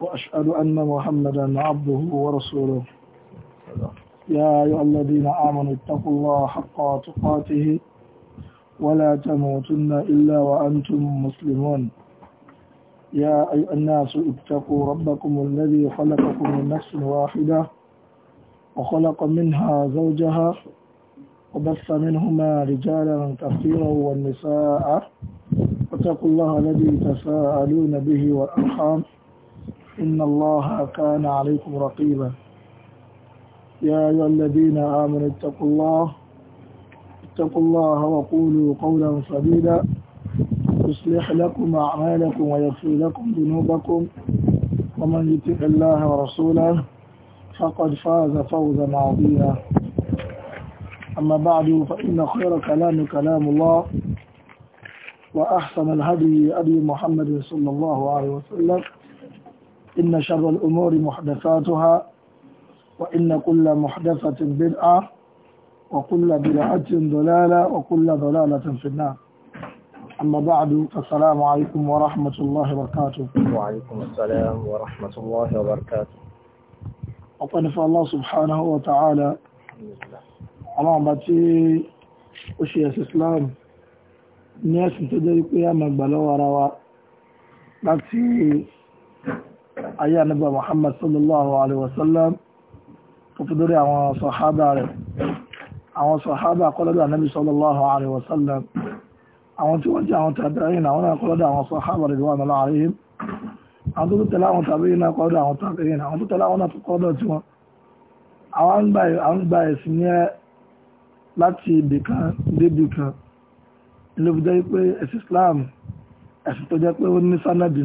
وأشهد أن محمدا عبده ورسوله يا أيها الذين آمنوا اتقوا الله حق تقاته ولا تموتن إلا وأنتم مسلمون يا أيها الناس اتقوا ربكم الذي خلقكم من نفس واحدة وخلق منها زوجها وبث منهما رجالا كثيرا والنساء واتقوا الله الذي تساءلون به والأرحام إن الله كان عليكم رقيبا يا أيها الذين آمنوا اتقوا الله اتقوا الله وقولوا قولا سديدا يصلح لكم أعمالكم ويغفر لكم ذنوبكم ومن يطع الله ورسوله فقد فاز فوزا عظيما أما بعد فإن خير كلام كلام الله وأحسن الهدي أبي محمد صلى الله عليه وسلم إن شر الأمور محدثاتها وإن كل محدثة بدعة وكل بدعة ضلالة وكل ضلالة في النار أما بعد فالسلام عليكم ورحمة الله وبركاته وعليكم السلام ورحمة الله وبركاته أطنف الله سبحانه وتعالى اللهم باتي أشياء الإسلام ناس تدري قيامك بلورا لكن ayé anábà Muhammad sallallahu alaihi wasallam tó fi dórí àwọn sọ̀hábà rẹ̀ àwọn sọ̀hábà kọ́lọ́dọ̀ anábì sallallahu alaihi wasallam àwọn tí wọ́n jẹ́ àwọn tàbíyìn àwọn náà kọ́lọ́dọ̀ àwọn sọ̀hábà rẹ̀ wà náà àríhìm àwọn tó tẹ̀lé àwọn tàbíyìn náà kọ́lọ́dọ̀ àwọn tàbíyìn àwọn tó tẹ̀lé àwọn náà kọ́lọ́dọ̀ tí wọ́n àwọn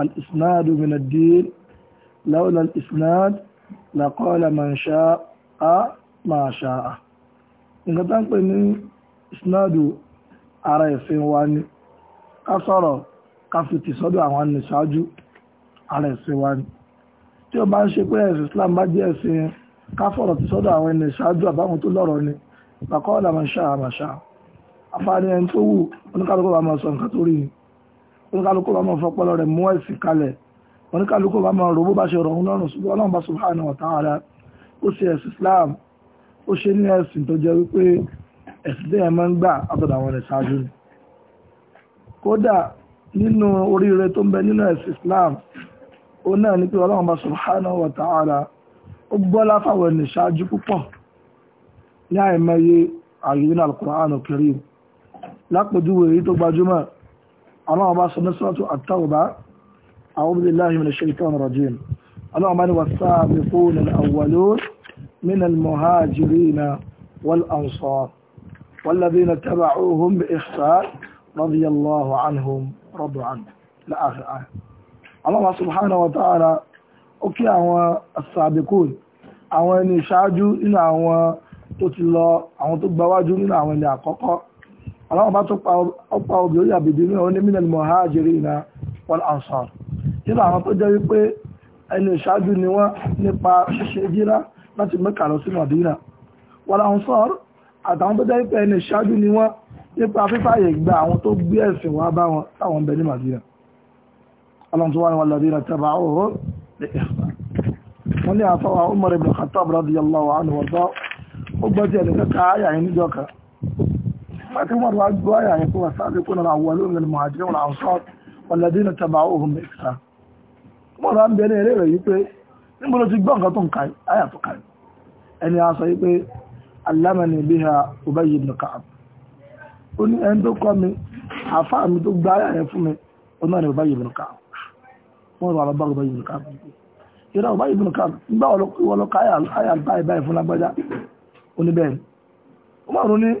الإسناد من الدين لولا الإسناد لقال من شاء ما شاء nǹkan tó ń pè ní ìsinádù ara ẹ̀sìn wa ni ká sọ̀rọ̀ ká fi tì sọ́dọ̀ àwọn ni ṣáájú ara ẹ̀sìn wa ni tí o bá ń ṣe pé ẹ̀sìn Islam bá jẹ́ ẹ̀sìn ká fọ̀rọ̀ tì sọ́dọ̀ àwọn ni ṣáájú àbáwọn tó lọ́rọ̀ ni bàkọ́ ọ̀là máa ṣáà máa ṣáà afáàní ẹni tó wù oníkálukú wa máa sọ nǹkan tó rí ni oníkálukú bá máa fọpọlọ rẹ̀ mú ẹ̀sìn kalẹ̀ oníkálukú bá máa rò bó bá ṣe rọ̀ òun lọ́rùn ṣùgbọ́n ọlọ́run bá subhanahu wa ó ṣe ẹ̀sìn Islam ó ṣe ní ẹ̀sìn tó jẹ́ wípé ẹ̀sìn tẹ́yẹ máa ń gbà àtọ̀dọ̀ àwọn rẹ̀ ṣáájú ni kódà nínú oríire tó ń bẹ nínú ẹ̀sìn Islam ó náà ní pé ọlọ́run bá subhanahu wa ta'ala ó gbọ́lá fáwọn ẹni ṣáájú púpọ̀ ní àìmọye àyè nínú Al-Qur'an al اللهم بارك في سورة التوبة أعوذ بالله من الشيطان الرجيم اللهم بارك والسابقون الأولون من المهاجرين والأنصار والذين تبعوهم بإحسان رضي الله عنهم رضوا رب عنه لآخر آية الله سبحانه وتعالى ó kí àwọn asàbẹ̀kùn àwọn ẹni ìṣáájú nínú àwọn tó ti lọ àwọn tó gbáwájú nínú àwọn ẹni àkọ́kọ́ aláwọ̀ bá tún pa obìnrin àbìdí ní ọ̀rọ̀ ní minal muhajirina wal ansar nínú àwọn tó jẹ́ wípé ẹni ìṣáájú ni wọ́n nípa ṣíṣe jíra láti Mẹ́kà lọ sí Mádínà wal ansar àtàwọn tó jẹ́ wípé ẹni ìṣáájú ni wọ́n nípa fífàyè gba àwọn tó gbé ẹ̀sìn wá bá wọn táwọn ń bẹ ní Mádínà aláwọ̀ tó wà ní walladhina taba'uhu فاتي عمر واجبوا يعني هو السابقون الأولون من المهاجرين والأنصار والذين تبعوهم بإحسان عمر عم بيني ريبة يقول níbo ló ti gbọ́ nǹkan tó ń kàí àyà tó kàí ẹni a sọ wípé alámẹ́ni bí i Ubayy ibn Ka'b ó ní ẹni tó kọ́ mi àfá mi tó gbá àyà yẹn fún mi ó náà ni Ubayy ibn Ka'b wọ́n rọ̀ àlọ́bá Ubayy ibn Ka'b ìrọ̀ Ubayy ibn Ka'b nígbà wọ́n lọ káyà báyìí báyìí fún lágbájá ó ní bẹ́ẹ̀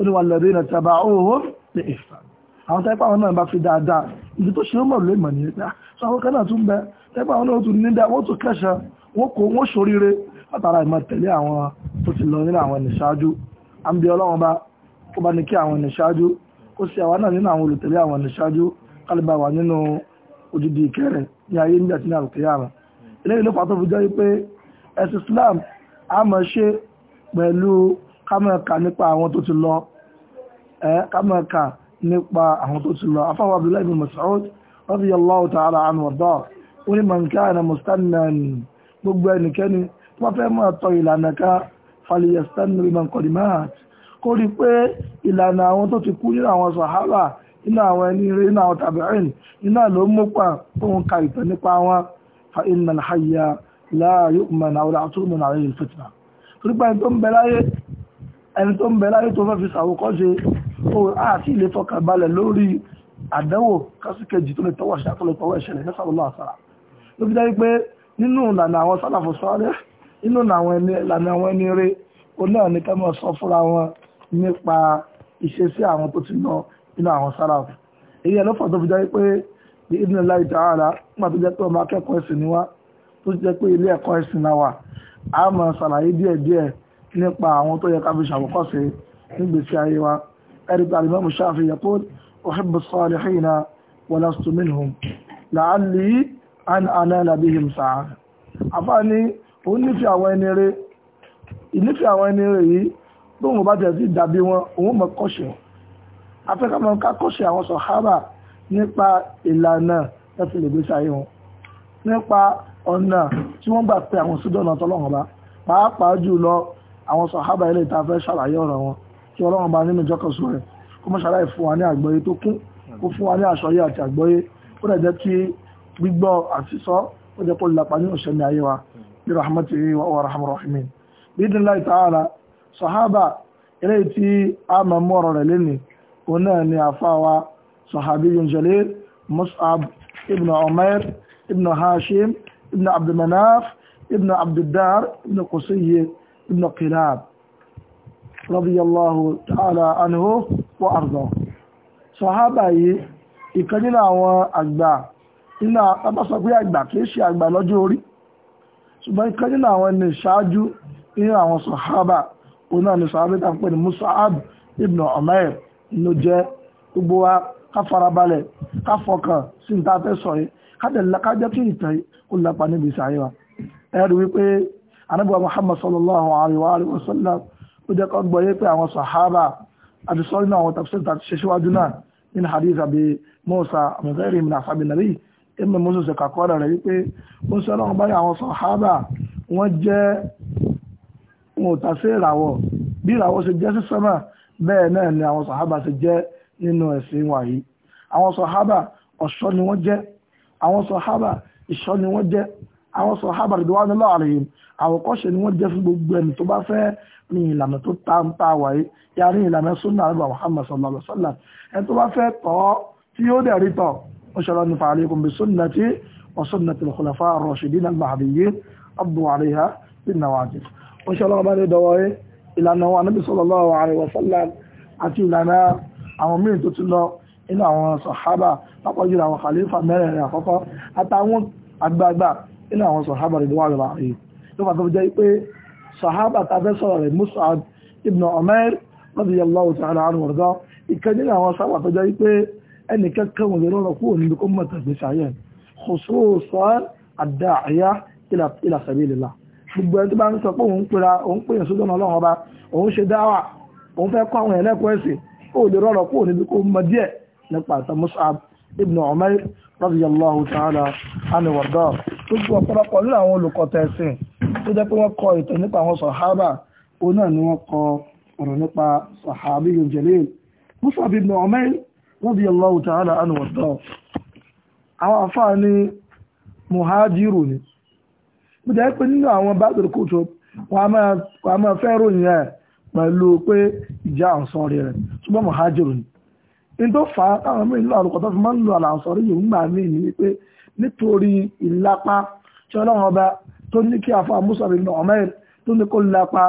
oníwàlẹ̀rí na tàbà oòrùn lè ìfà àwọn tẹ́pà àwọn náà bá fi dáadáa ìdí tó ṣe ó mọ̀rún lè mọ̀ ní ẹgbẹ́ ah, so àwọn kanáà tún bẹ tẹ́pà àwọn náà tún nídá wọ́n tún kẹ́ṣẹ wọ́n kò wọ́n ṣoríire látara ìmọ̀ tẹ̀lé àwọn tó ti lọ nínú àwọn ìṣáájú àmì ọlọ́wọ́n bá kó bá ní kí àwọn ìṣáájú kó sì àwọn náà nínú àwọn olùtẹ̀lé àwọn ìṣáájú kálíbà wà nínú ojúdi ìkẹrẹ ní ayé nígbà tí ní àrùkẹ́yàmà eléyìí ló fà tó fi jẹ́ pé ẹ̀sìn Islam a máa ṣe pẹ̀lú kámẹ́ẹ̀ka nípa àwọn tó ti lọ ẹ́ kámẹ́ẹ̀ka nípa àwọn tó ti lọ afáwọ̀ abdullahi bin mas'ud radiyallahu ta'ala anhu ọ̀dọ́ ó ní man kana mustannan gbogbo ẹnikẹ́ni tó bá fẹ́ máa tọ ìlànà ká falyastanna biman qad mat kó rí hayya la yu'manu aw la tu'manu alayhi al-fitna torípa ẹni tó ń bẹ ẹni tó ń bẹ láyé tó fẹ́ fi ṣàwòkọ́ṣe àti ilé tọ́ka balẹ̀ lórí àdánwò kásíkẹjì tó lè tọ́wọ́ ṣe àtọ́lẹ̀ tọ́wọ́ ìṣẹ̀lẹ̀ ní sàlọ́lá àṣàrà ló fi dárí pé nínú ìlànà àwọn sálàfò sọ́ọ́rẹ́ nínú ìlànà àwọn ẹni rẹ onáà ní ká máa sọ ni wá tó jẹ́ pé ilé ẹ̀kọ́ ẹ̀sìn náà wà á máa ṣàlàyé díẹ̀díẹ̀ nípa àwọn tó yẹ ká fi ṣàwòkọ́ṣe nígbèsí ayé wa ẹ̀rí pé alimọ́mù ṣáfi yẹ kó uhibbu salihina wa lastu minhum la'alli an anala bihim sa'a àfá ní ó nífẹ̀ẹ́ àwọn ẹni rẹ̀ ìnífẹ̀ẹ́ àwọn ẹni rẹ̀ yìí lóhun bá tẹ̀ sí dàbí wọn òun mọ̀ kọ́ṣẹ̀ afẹ́kàmọ́ ká kọ́ṣẹ̀ nípa ọ̀nà tí wọ́n gbà pé àwọn sídọ̀nà tọ́lọ́wọ́n bá pàápàá jù lọ àwọn sàhábà ilé ìta fẹ́ ṣàlàyé ọ̀rọ̀ wọn kí ọlọ́run bá nínú ìjọkọ̀sọ rẹ̀ kó mọ́ ṣàlàyé fún wa ní àgbọ́yé tó kún kó fún wa ní àṣọyé àti àgbọ́yé ó dẹ̀ jẹ́ kí gbígbọ́ àti sọ ó jẹ́ kó lapa ní òṣèlú ayé wa bí rahmatu wa wa rahmu rahimin bí dín láì ta'ala sàhábà ilé tí a mọ̀ mú ọ̀rọ̀ rẹ̀ lénìí òun náà ni àfáwa sàhábì yun jalil mus'ab ibn umair ibn hashim ibn abdulmanaf ibn abduldar ibn qusayy ibn Qilab radiyallahu ta'ala anhu wa arda sọ̀hábà yìí ìkan nínú àwọn àgbà nínú àpapọ̀sọ pé àgbà kìí ṣe àgbà lọ́jọ́ orí ṣùgbọ́n ìkan nínú àwọn ẹni ìṣáájú nínú àwọn sọ̀hábà òun náà ni sọ̀hábà tàbí pé ní ibn Umair ló jẹ́ gbogbo wa ká farabalẹ̀ sí ní ta fẹ́ sọ yìí kó lápá níbi ìsàyẹ̀wà ẹ̀rù wípé anábọ̀ muhammad sallallahu alaihi wa sallam ó jẹ́ kọ́ gbọ́ yé pé àwọn sahaba àti sọ́rí náà àwọn tafsir tàbí ṣe síwájú náà nínú hadith àbí musa amẹ́rẹ́ ìmìnà àfàbí nàbí ẹ̀mẹ́ musa ṣe kàkọ́ rẹ̀ wípé ó sọ náà báyìí àwọn sahaba wọ́n jẹ́ wọn ò tàṣe ìràwọ̀ bí ìràwọ̀ ṣe jẹ́ sí sọ́mà bẹ́ẹ̀ náà ni àwọn sahaba ṣe jẹ́ nínú ẹ̀sìn wàyí àwọn sahaba ọ̀ṣọ́ ni wọ́n jẹ́ àwọn sahaba ìṣọ́ ni wọ́n jẹ́ àwọn sàhábà ridwanullahi alayhim àwòkọ́ṣe ni wọ́n jẹ́ fún gbogbo ẹni tó bá fẹ́ rìn ìlànà tó ta ń ta wáyé ya rìn ìlànà súnà àbúrò Muhammad sallallahu alaihi wasallam ẹni tó bá fẹ́ tọ́ tí yóò dẹ̀ rí tọ́ ó ṣọlọ́ ní fa alaykum bi sunnati wa sunnati al-khulafa ar-rashidin al-mahdiyyin addu alayha bin nawajid ó ṣọlọ́ bá ní dọwọ́ yé nínú àwọn sàhábà rẹ̀ wà lọ́la rẹ̀ ló fà tó jẹ́ pé sàhábà tàbẹ́ sọ̀rọ̀ rẹ̀ Mus'ab ibn Umair radiyallahu ta'ala anhu wọ̀rọ̀dọ́ ìkan nínú àwọn sàhábà tó jẹ́ pé ẹnì kẹ́kẹ́ wọn lérò rọ̀ kúrò nínú kọ́mọ̀ tàbí sàyẹ̀ khususan ad-da'iya ila sabilillah gbogbo ẹni tó bá ń sọ pé òun pera òun pè yàn sódọ́nà ọlọ́run lójú ọ̀pọ̀lọpọ̀ nínú àwọn olùkọ́ tẹ̀sìn tó jẹ́ pé wọ́n kọ ìtàn nípa àwọn sàhábà òun náà ni wọ́n kọ ọ̀rọ̀ nípa sàhábì Jalil Mus'ab ibn Umair radiyallahu ta'ala anhu wọ̀dọ́ àwọn àfáà ní muhajiru ni mo jẹ́ pé nínú àwọn báàgìrì kòtò wọ́n a máa fẹ́ ròyìn ẹ̀ pẹ̀lú pé ìjà àǹsọ́rí rẹ̀ ṣùgbọ́n muhajiru ni ní tó fà mí nítorí ìlápá tí ọlọ́run ọba tó ní kí àfa musabi ibn umair tó ní kó lápá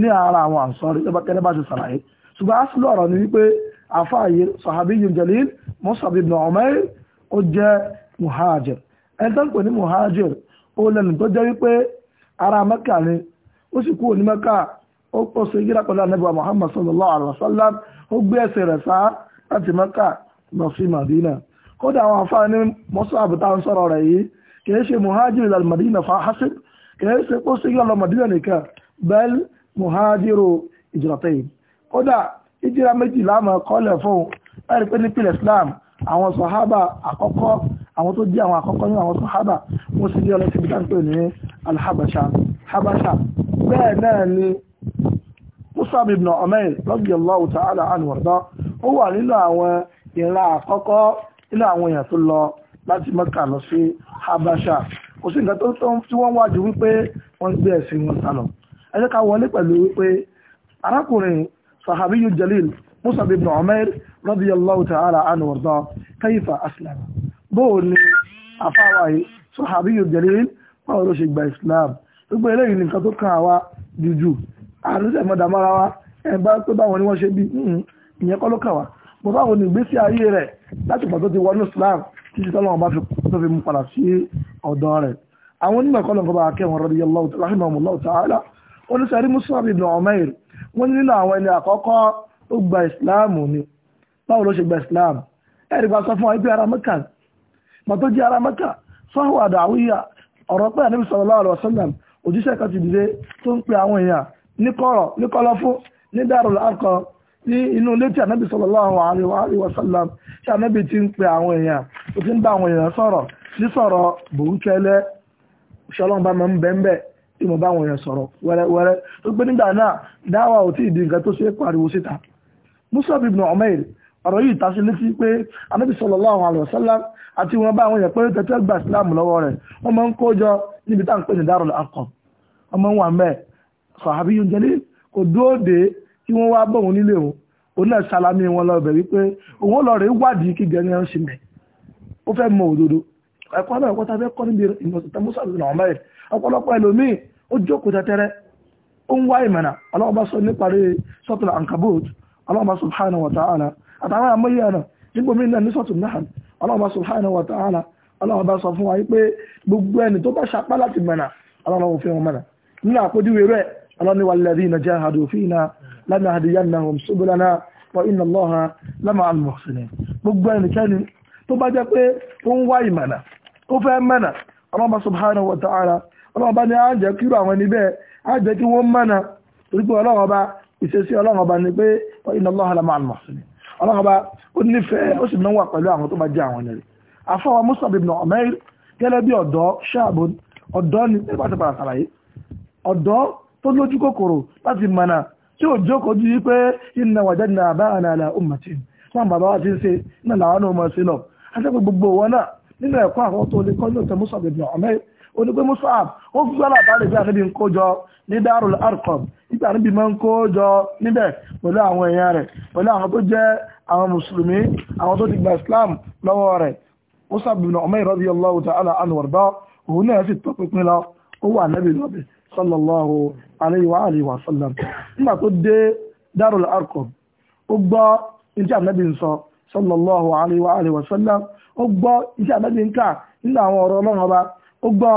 ní ara àwọn àǹsọ́rí tó bá tẹ́lẹ̀ bá ti sàlàyé ṣùgbọ́n asìlú ọ̀rọ̀ ni wípé àfa àyè sahabiyyun jalil musabi ibn umair ó jẹ́ muhajir ẹni tó ń pè ní muhajir ó lẹ́nu tó jẹ́ wípé ara mẹ́kà ni ó sì kúrò ní mẹ́kà ó pọ̀ sí yíra pẹ̀lú anábíwá muhammad sallallahu alaihi wasallam ó gbé ẹsẹ̀ rẹ̀ sá láti mẹ́kà lọ sí madina kódà àwọn àfáàní mọ́sáàbù tá ń sọ̀rọ̀ rẹ̀ yìí kìí ṣe muhajir al-madina fahasib kìí ṣe kó sí yọ̀lọ̀ madina nìkan bẹ́ẹ̀l muhajiru ìjìrọ̀tẹ́yìn kódà ìjìra méjì láàmà kọ́lẹ̀ fún ẹ̀rí pé ní pílẹ̀ islam àwọn sọ̀hábà àkọ́kọ́ àwọn tó jẹ́ àwọn àkọ́kọ́ nínú àwọn sọ̀hábà wọ́n sì jẹ́ ọlọ́ síbi táǹpé ní alhabasha habasha nínú àwọn èèyàn tó lọ láti Mẹ́kà lọ sí Habasha kò sí nǹkan tó tí wọ́n wá ju wípé wọ́n gbé ẹ̀sìn wọn sálọ ẹ wọlé pẹ̀lú wípé arákùnrin sahabiyu jalil Musa ibn Umair radiyallahu ta'ala anhu warda kayfa aslama bóò ni àfáwáyé sahabiyu jalil báwo ló ṣe gba Islam gbogbo eléyìí nìkan tó kàn wá jùjù àrùsẹ̀mọ́dàmára wa ẹ̀ bá pé báwọn ni wọ́n ṣe bí hmm, ìyẹn kọ́ ló kàn wá bó báwo ni ìgbésí ayé rẹ̀ láti ìgbà tó ti wọnú Islam títí tọ́lọ́wọ́n bá fi tó fi mú padà sí ọ̀dọ́ rẹ̀ àwọn onímọ̀ kọ́ lọ́nkọ́ bá akẹ́wọ̀n radiyallahu rahimahullahu ta'ala oníṣẹ́rí Mus'ab ibn Umair wọ́n ní nínú àwọn ẹni àkọ́kọ́ tó gba Islam ni báwo ló ṣe gba Islam ẹ̀rí bá sọ fún wa ibi ara Mẹ́kà mà tó jẹ́ ara Mẹ́kà fáwọn àdàwíyà ọ̀rọ̀ pé àníbi sallallahu alaihi wasallam òjíṣẹ́ kan ti dìde tó ń pe àwọn èèyàn ní kọ̀rọ̀ ní kọ̀lọ̀fún ní ní inú ilé tí ànábì sallallahu alaihi wa sallam tí ànábì ti ń pe àwọn èèyàn ó ti ń bá àwọn èèyàn sọ̀rọ̀ sísọ̀rọ̀ bòúkẹ́lẹ́ ṣọlọ́n bá máa ń bẹ́ ń bẹ́ tí mo bá àwọn èèyàn sọ̀rọ̀ wẹ́rẹ́wẹ́rẹ́ tó gbé nígbà náà dáwà ò tí ì di nǹkan tó ṣe é pariwo síta Musab ibn Umair ọ̀rọ̀ yìí tasí létí pé anábì tí wọ́n wá bọ̀ wọn nílé òun òun náà salami wọn lọ bẹ̀ wípé òun lọ rẹ̀ wádìí kí gẹ̀ẹ́gẹ́ ń ṣe mẹ́ ó fẹ́ mọ òdodo ẹ̀kọ́ náà ẹ̀kọ́ tàbí ẹ̀kọ́ níbi ìmọ̀sán tàbí sọ̀rọ̀ ìlànà ọmọ ọ̀pọ̀lọpọ̀ ẹlòmíì ó jókòó tẹ́tẹ́rẹ́ ó ń wá ìmọ̀nà sọ níparí sọ́tùlà ankabut ọlọ́ọ̀bá subhanahu sọ fún wa pé gbogbo ẹni tó bá ṣapá láti mọ̀nà wọn mọ̀nà nínú لنهدينهم سبلنا وإن الله لمع المحسنين gbogbo ẹnikẹ́ni tó bá jẹ́ pé ó ń wá ìmọ̀nà ó fẹ́ mọ̀nà ọlọ́mọ subhanahu wa ta'ala ọlọ́mọ bá ní á jẹ́ kírò àwọn ẹni bẹ́ẹ̀ á jẹ́ kí wọ́n mọ̀nà wípé ọlọ́mọ ìṣesí ọlọ́mọ bá ní pé inna ọ̀dọ́ tó lójú kòkòrò láti mọ̀nà tí ò jókòó ju wípé inna wajadna aba'ana ala ummatin wọn bàbá wa ti ń ṣe iná làwọn náà máa ṣe lọ àtẹ́kọ̀ gbogbo wọn náà nínú ẹ̀kọ́ àwọn tó lè kọ́ ní òtẹ́ Mus'ab ibn Umair onígbé Mus'ab ó fi gbọ́dọ̀ àbá rẹ̀ bí àníbi ń kójọ ní Darul Arqam nígbà níbi máa ń kójọ níbẹ̀ pẹ̀lú àwọn èèyàn rẹ̀ pẹ̀lú àwọn tó jẹ́ àwọn mùsùlùmí àwọn tó ti gba Islam lọ́wọ́ rẹ̀ Mus'ab ibn Umair radiyallahu ta'ala anhu warda òun náà sì tọpinpin lọ ó wà nábì lọ́bì sallallahu alayhi wa alihi wa sallam nígbà tó dé darul arqam ó gbọ́ iṣẹ́ ànábì ń sọ sallallahu alayhi wa alihi wa sallam ó gbọ́ iṣẹ́ ànábì ń kà nínú àwọn ọ̀rọ̀ ọlọ́run ọba ó gbọ́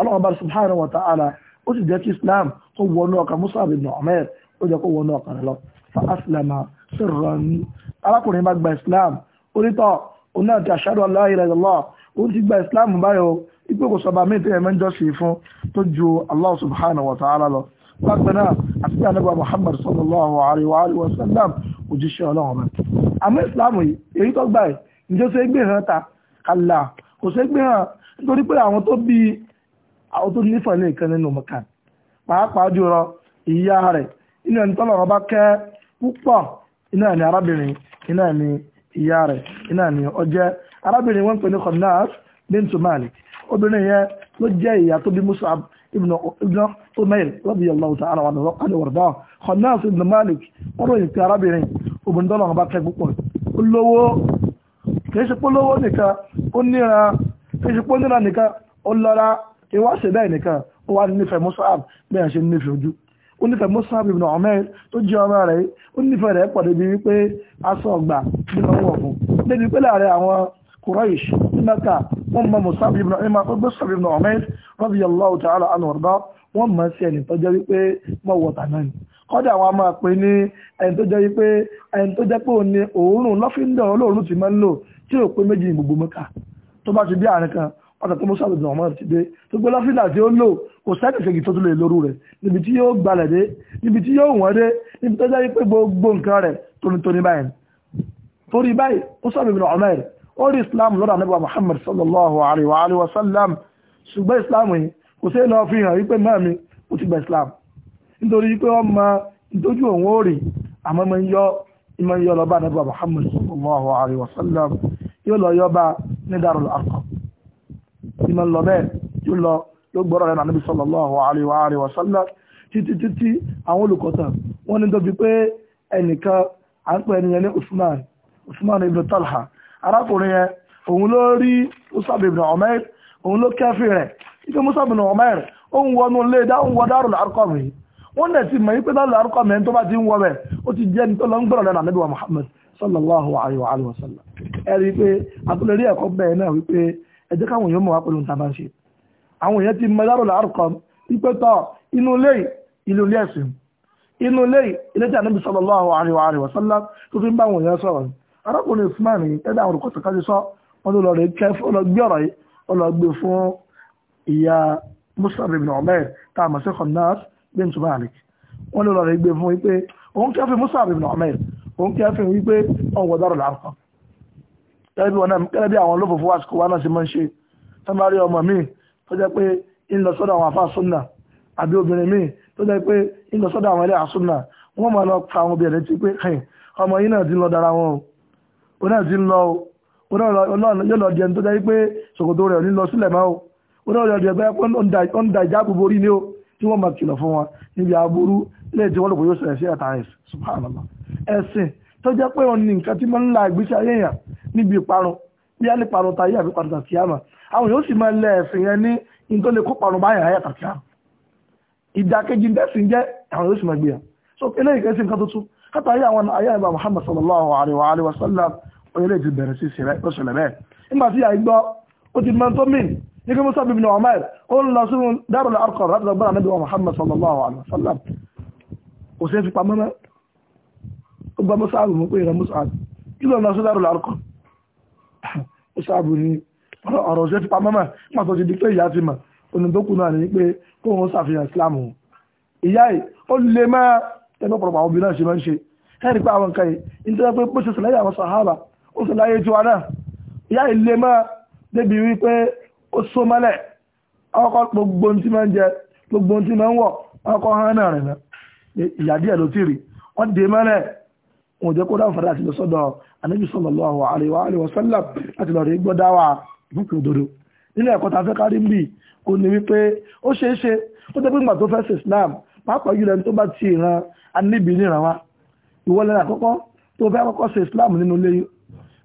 ọlọ́run ọba subhanahu wa ta'ala ó sì jẹ́ kí islam kó wọnú ọkàn musa ibn umair ó jẹ́ kó wọnú ọkàn lọ fa aslama sirran arákùnrin bá gba islam onítọ̀ òun náà bákan náà àti ànábà Muhammad sallallahu alaihi wa alihi wa sallam òjíṣẹ́ ọlọ́run rẹ̀ àmọ́ ìsìláàmù yìí èyí tó gbà ẹ̀ ǹjẹ́ ṣe gbé hàn ta kàlà kò ṣe gbé hàn nítorí pé àwọn tó bí àwọn tó nífẹ̀ẹ́ ní nǹkan nínú mọ̀kàn pàápàá jùlọ ìyá rẹ̀ inú ẹni tọ́lọ́run bá kẹ́ púpọ̀ iná ni arábìnrin iná ni ìyá rẹ̀ iná ni ọjẹ́ arábìnrin wọn pè ní Khannas bint obìnrin yẹn ló jẹ́ ìyá tó bí Mus'ab ابن ابن عمير رضي الله تعالى عنه قال وارضاه خناس ابن مالك ọ̀rọ̀ ìpè arábìnrin obìnrin tó lọ́wọ́ bá kẹ́ púpọ̀ olówó kìí ṣe polówó nìkan ó níra kìí ṣe polówó nìkan ó lọ́ra ìwá ṣe bẹ́ẹ̀ nìkan ó wá nífẹ̀ẹ́ musab bẹ́ẹ̀ ṣe nífẹ̀ẹ́ ojú ó musab ibn Umair tó jẹ́ ọmọ rẹ̀ ó nífẹ̀ẹ́ rẹ̀ pọ̀ débi wípé aṣọ ọgbà nínú ọwọ́ fún débi pé láàrin àwọn Quraysh ní Mẹ́kà wọ́n mọ musab ibn Umair ó gbé musab ibn Umair radiyallahu ta'ala anhu ọ̀rọ̀dá wọ́n mọ̀ sí ẹni tó jẹ́ wípé mọ̀ wọ̀tà náà ni kọ́dà àwọn a máa pè ní ẹni tó jẹ́ wípé ẹni tó jẹ́ pé òun ni òórùn lọ́fíńdà olóòórùn ti máa ń lò tí ò pé méjì ní gbogbo mẹ́ka tó bá ti bí àárín kan ọ̀nà tó mú sábẹ̀dùn ọmọ rẹ̀ ti dé tó gbé lọ́fíńdà tí ó lò kò sẹ́ni kejì tó tún lè lóru rẹ̀ níbi tí yóò gbalẹ̀ dé níbi tí yóò wọ́n dé níbi tó jẹ́ wípé gbogbo nǹkan rẹ̀ tónítóní báyìí torí báyìí ó sábẹ̀dùn ọmọ rẹ̀ ó Islam lọ́dọ̀ anábọ̀ Muhammad sallallahu alaihi wa sallam ṣùgbọ́n islam yìí kò sí ìlọ fi hàn wípé mọ́ ó ti gba islam nítorí wípé wọ́n mọ ìdójú òun ó nyo àmọ́ mọ́ ń yọ ìmọ̀ ń yọ lọ́ba nígbà muhammad sallallahu alayhi wa yóò lọ yọba ní darul arqam ìmọ̀ lọ bẹ́ẹ̀ yóò lọ gbọ́rọ̀ rẹ̀ nàbí títí títí àwọn usman usman ibn talha arákùnrin yẹn òun ló rí usab ibn òun ló kẹ́fì rẹ̀ ike musa bin Umair rẹ̀ ó ń wọnú ilé dá ń wọ Darul Arqam yìí wọ́n dẹ̀ ti mọ̀ yí pé Darul Arqam yẹn tó bá ti ń wọ bẹ̀ ó ti jẹ́ ní tó lọ ń gbọ́dọ̀ lẹ́nu ànábì wa Muhammad sallallahu alayhi wa alihi wa sallam ẹ rí i pé àtúndérí ẹ̀kọ́ bẹ́ẹ̀ náà wípé ẹ jẹ́ káwọn èèyàn mọ̀ wá pẹ̀lú nǹkan bá ń ṣe àwọn èèyàn ti mọ̀ Darul Arqam wípé tọ́ inú ilé ìlú ilé ẹ̀sìn inú ilé ilé tí ànábì sallallahu alayhi wa sallam tó fi ń bá àwọn èèyàn sọ̀rọ̀ arákùnrin Usman ẹ̀dá àwọn olùkọ́sọ̀kájú wọn ló lọ rẹ̀ kẹ́fọ́ lọ gbé ọ̀rọ̀ yìí ó lọ gbé fún ìyá Mus'ab ibn Umair tá a mọ̀ sí Khannas bint Malik wọ́n lọ rẹ̀ gbé fún wípé òun kẹfẹ́ Mus'ab ibn Umair òun kẹfẹ́ wípé ọ̀wọ̀ dárò láǹkan gẹ́gẹ́ bí àwọn olófòfò wá sùkúwá náà sí mọ́ ń ṣe tọ́mọ́rí ọmọ mi tó jẹ́ pé ń lọ sọ́dọ̀ àwọn afá súnà àbí obìnrin mi tó jẹ́ pé ń lọ sọ́dọ̀ àwọn ilé àsúnà wọ́n mọ̀ lọ pa àwọn obìnrin tí pé ọmọ yìí náà ti lọ dára wọn o náà ti lọ o ọlọ́run yóò lọ jẹ tó jẹ́ pé ṣòkòtò rẹ̀ ò ní lọ sílẹ̀ máa o ọlọ́run yóò jẹ pé ó ń da ìjáàbò borí ni o tí wọ́n máa kìlọ̀ fún wa níbi aburú lè tí wọ́n lò pé yóò ṣẹlẹ̀ sí ẹ̀ta ẹ̀sìn subhanallah ẹ̀sìn tó jẹ́ pé òun ní nǹkan tí mo ń la ìgbésí ayé yàn níbi ìparun bí a lè parun tayé àbí parun tàkíyàmà àwọn yóò sì máa lẹ ẹ̀sìn yẹn ní in tó lè kó parun báyà ayé tàkíyàmà ìdákejì dẹ́sìn jẹ́ àwọn yóò sì máa gbé yàn so eléyìí kẹsì nǹkan tuntun kátà ayé àwọn ayé àbá Muhammad sallallahu alayhi wa sallam oyèlè ti bẹ̀rẹ̀ sí ìṣẹ̀lẹ̀ bẹ́ẹ̀ nígbà tí yàrá gbọ́ ó ti mọ tó mìn ní kí musa bìbìnà ọmọ ẹ̀ ó ń lọ sínú dárùn arkọ̀ láti lọ gbọ́dọ̀ níbiwọ̀n muhammad sallallahu alaihi wa sallam kò sí fipá mọ́mọ́ ó gba musa àbù mú pé ìrẹ musa àbù kí ló ń lọ sí dárùn arkọ̀ musa àbù ni ọ̀rọ̀ sí fipá mọ́mọ́ nígbà tó ti di pé ìyá ti mọ̀ onídókù náà ni pé kó wọn ṣàfihàn islam ìyá yìí ó lè máa ẹgbẹ́ pọ̀pọ̀ àwọn obìnrin náà ṣe máa ń ṣe ẹ̀rí pé àwọn nǹkan yìí nítorí pé bó ṣe àwọn sàhábà ó sì láyé tiwa náà ìyá ilé mọ́ débi wípé ó so mọ́lẹ̀ ọkọ̀ gbogbo tí máa ń jẹ gbogbo tí máa ń wọ̀ ọkọ̀ hàn náà náà ìyá díẹ̀ ló ti rí wọ́n dé mọ́lẹ̀ òun jẹ́ kó dáhùn fàdá àti lọ́sọ́dọ̀ anábì sallallahu alaihi wa alihi wa sallam láti lọ́ọ́ gbọ́ dáwà ìfúnkì òdodo nínú ẹ̀kọ́ ta fẹ́ kárí mbì kò ní wípé ó ṣe ó jẹ́ pé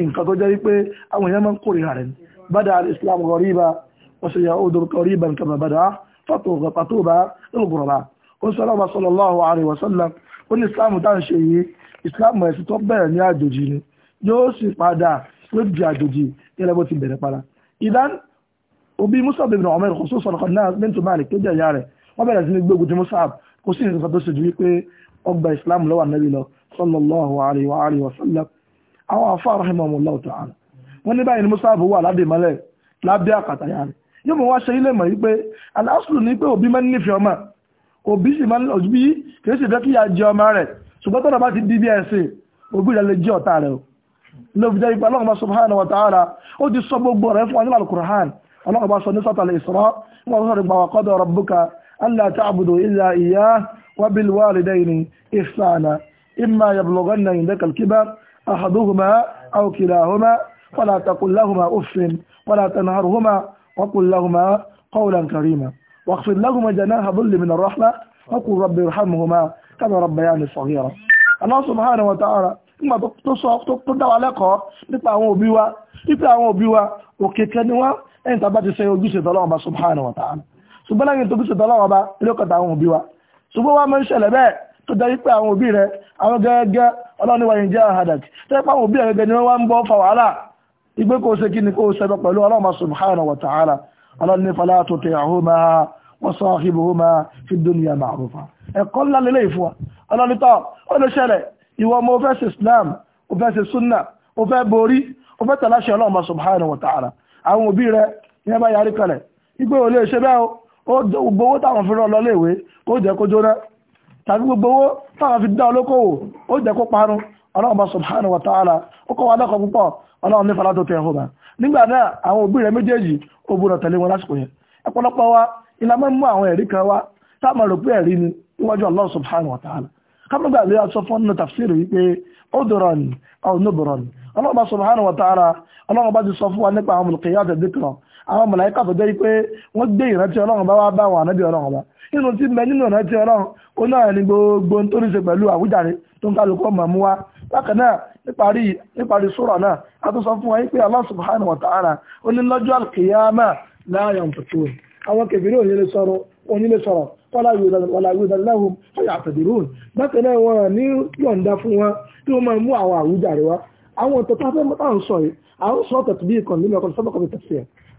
nǹkan tó jẹ́ wípé àwọn èèyàn máa ń kórìíra rẹ̀ bada islam ghariba wa sayaudu qariban kama bada fatuba lil ghuraba ó sọ ọlọ́mọ sallallahu alaihi wasallam ó ní islam tá à ń ṣe yìí islam ẹ̀sìn tó bẹ̀rẹ̀ ní àjòjì ni yóò sì padà yóò di àjòjì gẹ́lẹ́ bó ti bẹ̀rẹ̀ padà ìdán òbí Musab ibn Umair khususan Qannas bint Malik tó jẹ́ ìyá rẹ̀ wọ́n bẹ̀rẹ̀ Musab kò sí nǹkan tó ṣe ju islam lọ́wọ́ ànábì lọ sallallahu alaihi wa àwọn àfáà rahimahumullahu ta'ala wọ́n ní báyìí ni musa àbò wà lábẹ́ ìmọ́lẹ̀ lábẹ́ àkàtàyà rẹ̀ yóò mọ̀ wá ṣe ilé mọ̀ wípé aláṣùlù ní pé òbí máa ń nífẹ̀ẹ́ ọmọ òbí sì máa ń òbí kìí sì fẹ́ kí ìyá jẹ ọmọ rẹ̀ ṣùgbọ́n tọ́nà bá ti di bí ẹ̀sìn òbí rẹ̀ lè jẹ́ ọ̀tá rẹ̀ o lóbi jẹ́ ipa ọlọ́run bá subhanahu wa ta'ala ó ti sọ gbogbo rẹ̀ fún wa nínú alukur'an ọlọ́run bá sọ ní sọ́tà lè wọn bá sọ̀rọ̀ gbàwà qada rabbuka alla ta'budu illa iyyah wa bil walidayni ihsana imma yablughanna indaka al-kibar أحدهما أو كلاهما ولا تقل لهما أف ولا تنهرهما وقل لهما قولا كريما واخفض لهما جناح ظل من الرحمة وقل رب ارحمهما كما ربياني صغيرا الله سبحانه وتعالى nígbà tó sọ tó dá wa lẹ́kọ̀ọ́ nípa àwọn òbí wa nípa àwọn òbí wa òkèkẹ́ ni wọ́n ẹni tàbá ti sẹ ojúṣe tọ́lọ́wọ́ bá subhanahu wa ta'ala ṣùgbọ́n lẹ́yìn tó ojúṣe tọ́lọ́wọ́ bá ilé ọkọ̀ta àwọn òbí wa ṣùgbọ́n wa máa ń ṣẹlẹ̀ bẹ́ẹ̀ tó darí pé àwọn òbí rẹ̀ àwọn gẹ́gẹ́ ọlọ́niwà yìí jẹ́ àhàdàkì tó yẹ pé àwọn òbí rẹ̀ gẹ́gẹ́ ni wọ́n wá ń bọ́ fa wàhálà igbé kò ṣe kí ni kò ṣẹbọ pẹ̀lú Allah subhanahu wa ta'ala ọlọ́ni fala tuti'huma wa sahibuhuma fi dunya ma'rufa ẹ̀kọ́ ńlá lélẹ̀ ìfún wa ọlọ́ni tọ́ ó lè ṣẹlẹ̀ ìwọ ọmọ òfẹ́ sí tàbí gbogbo owó táwọn fi dá olókòwò ó jẹ́ kó parun ọlọ́run bá subhanahu wa ta'ala ó kọ́ wa lẹ́kọ̀ọ́ púpọ̀ ọlọ́run ní falátó tẹ̀ ọ̀hún nígbà náà àwọn òbí rẹ̀ méjèèjì ó gbúdọ̀ tẹ̀lé wọn lásìkò yẹn ọ̀pọ̀lọpọ̀ wa ilá máa ń mú àwọn ẹ̀rí kan wá táwọn rò pé ẹ̀rí ti sọ fún wa nípa àwọn mùlùkìyà àti àwọn mọ̀láíkà tó jẹ́ pé wọ́n gbé ìrántí ọlọ́run bá wá bá àwọn ànábì ọlọ́run bá nínú tí ń bẹ nínú ìrántí ọlọ́run ó náà ní gbogbo tó ní ṣe pẹ̀lú àwùjáre tó ń kálukú ọmọ mú wa bákan náà níparí níparí sura náà a tún sọ fún wa pé Allah subhanahu wa ta'ala ó ní lọ́jọ́ al-qiyama la yantiqun àwọn kẹfìrí ò ní lè sọ̀rọ̀ ò ní lè sọ̀rọ̀ wọ́lá ìwòdàláhùn fọ́yà àtàdìrún bákan náà wọ́n ní yọ̀ǹda fún wọn tí wọ́n máa mú àwọn àwùjáre wa àwọn tọ́tà fẹ́ mọ́tà ń sọ yìí àwọn sọ́ọ̀tà tó bí ìkànnì mẹ́kọ̀ọ́ sábàkọ̀ bí tẹ̀síẹ̀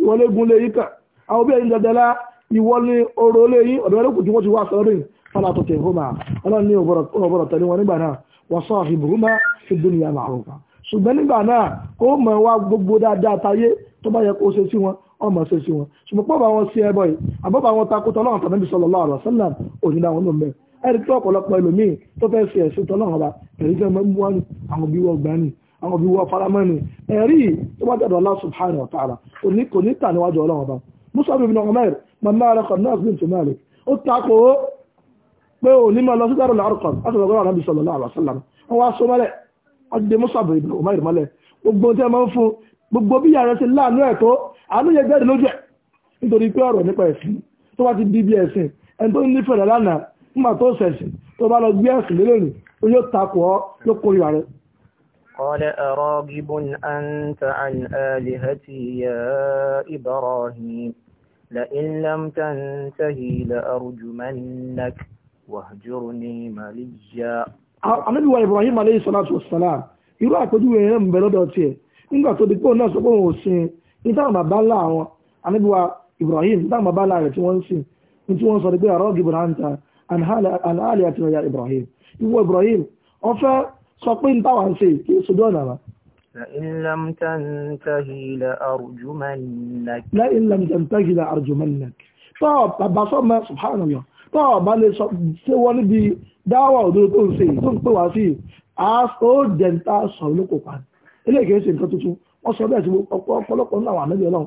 ìwọ lẹ́gùn lè yíkà àwọn bí ẹ̀yìn dandala ìwọ ní oró lè yín ọ̀dọ̀ ẹlẹ́kùn tí wọ́n ti wá sọ́rin fara tọ̀tẹ̀ homa ọlọ́run ní ọ̀bọ̀rọ̀ tẹ̀lé wọn nígbà náà wọ́n sọ àfi bùrúmá fi dùn ìyá màrúfà ṣùgbọ́n nígbà náà kó mọ̀ wá gbogbo dáadáa táyé tó bá yẹ kó ṣe sí wọn ọmọ ṣe sí wọn ṣùgbọ́n pọ̀ bá wọn sí ẹbọ àwọn òbí wọ faramẹ́ni ẹ̀rí tó bá jẹ́dọ̀ Allah subhanahu wa ta'ala òní kò ní tà níwájú ọlọ́run ọba musa bin Umair mama arakọ náà bin tumalik ó takò ó pé òní máa lọ sí dárò lárúkọ láti lọ gbọ́dọ̀ ànábì sallallahu alaihi wasallam wọn wá so mọ́lẹ̀ wọ́n dé musa bin Umair mọ́lẹ̀ gbogbo tí a máa ń fún gbogbo bí yàrá ṣe láàánú ẹ̀ tó àánú yẹ jáde pé ọ̀rọ̀ nípa ẹ̀sìn tó bá yóò takò ọ́ ló kórìíra rẹ̀ قال أراغب أنت عن آلهتي يا إبراهيم لئن لم تنتهي لأرجمنك واهجرني مليا ah, Ànábì wa Ibrahim alayhi salatu wassalam irú àpèjúwe yẹn ń bẹ lọ́dọ̀ tiẹ̀ nígbà tó di pé òun náà sọ pé òun ò sin nítawọn bàbá ńlá àwọn Ànábì wa Ibrahim nítawọn bàbá ńlá rẹ̀ tí wọ́n ń sìn ní tí wọ́n sọ pé àrọ́ gìbìrán àlàálẹ̀ àti ìyá Ibrahim ìwọ Ibrahim ọ̀fẹ́ sọ pé n táwa ń ṣe kí sójú ọ̀nà wa. لئن لم تنتهي لأرجمنك لئن لم تنتهي لأرجمنك tọ́ bàbá sọ́mọ subhanallah tọ́ bá lè sọ tí wọ́n níbi dáwà òdúró tó ń ṣe tó ń pè wá sí àásó jẹ̀ǹtà sọ̀rọ̀ ló kò pa eléyìí ṣe nǹkan tuntun wọ́n sọ bẹ́ẹ̀ sí ọ̀pọ̀lọpọ̀ nínú àwọn àmẹ́bí ọlọ́run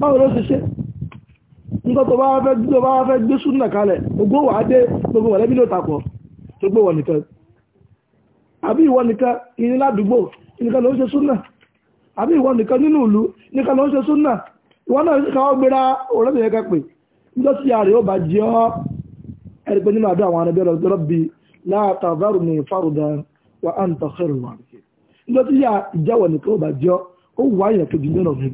báwo ló ṣe ṣe nígbà tó bá fẹ́ tó bá gbé súnà kalẹ̀ wà dé gbogbo wà lẹ́bí ló takọ̀ tó gbé wọ̀ nìkan àbí ìwọ nìkan ìní ládùúgbò nìkan ló ń ṣe súnà àbí ìwọ nìkan nínú ìlú nìkan ló ń ṣe súnà ìwọ náà ṣe káwọ́ gbéra bá jẹ́ ọ́ ẹni pé nínú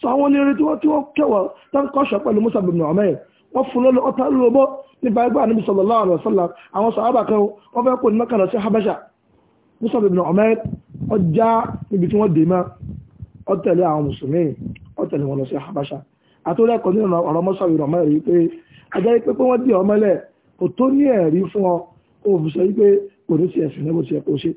so àwọn onírè tí wọ́n tí wọ́n kẹwàá tán kọ́ṣọ́ pẹ̀lú Musa bin Umair wọ́n fún lọ́lọ́ ọ̀tá lóbó nípa ẹgbẹ́ àníbi sallallahu alaihi wasallam àwọn sàhábà kan wọ́n fẹ́ kó ní mẹ́kànlá sí Habasha Musa bin Umair ọjà níbi tí wọ́n dè má ó tẹ̀lé àwọn mùsùlùmí ó tẹ̀lé wọn lọ sí Habasha àtúrẹ́kọ̀ọ́ nínú ọ̀rọ̀ Musa bin Umair yìí pé ajá yìí pé pé wọ́n dì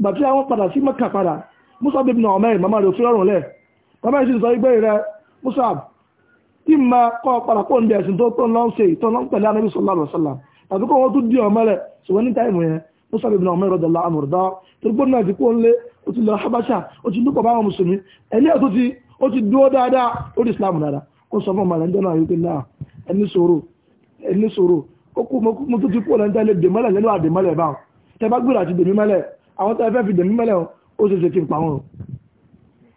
bàtí àwọn padà sí mẹ́kà padà musa bíbí náà ọmọ ẹ̀ màmá rẹ̀ òfin ọ̀rùn lẹ̀ bàbá yìí sì sọ ìgbẹ́ rẹ̀ musa kí n máa kọ́ padà kó ní ẹ̀sìn tó tán di ọmọ rẹ̀ ṣùgbọ́n ní táìmù yẹn musa bíbí náà ọmọ rẹ̀ dọ̀la àmọ̀rọ̀dá torí pé náà ti kó ń lé ó ti lọ habasha ó ti dúpọ̀ báwọn mùsùlùmí ẹni ẹ̀ tó ti islam dáadáa ó sọ fún ọmọ rẹ̀ ń jọ́nà wípé náà ẹni sòrò ẹni sòrò ó kú mo tún ti kú ọ̀nà ń tẹ́lẹ̀ dèmọ́lẹ̀ lẹ́nu àdèmọ́lẹ̀ báwọn tẹ bá gbèrò àwọn tó ẹfẹ́ fi dẹ̀mí mẹ́lẹ̀ ó ṣe ṣe kí n pa wọn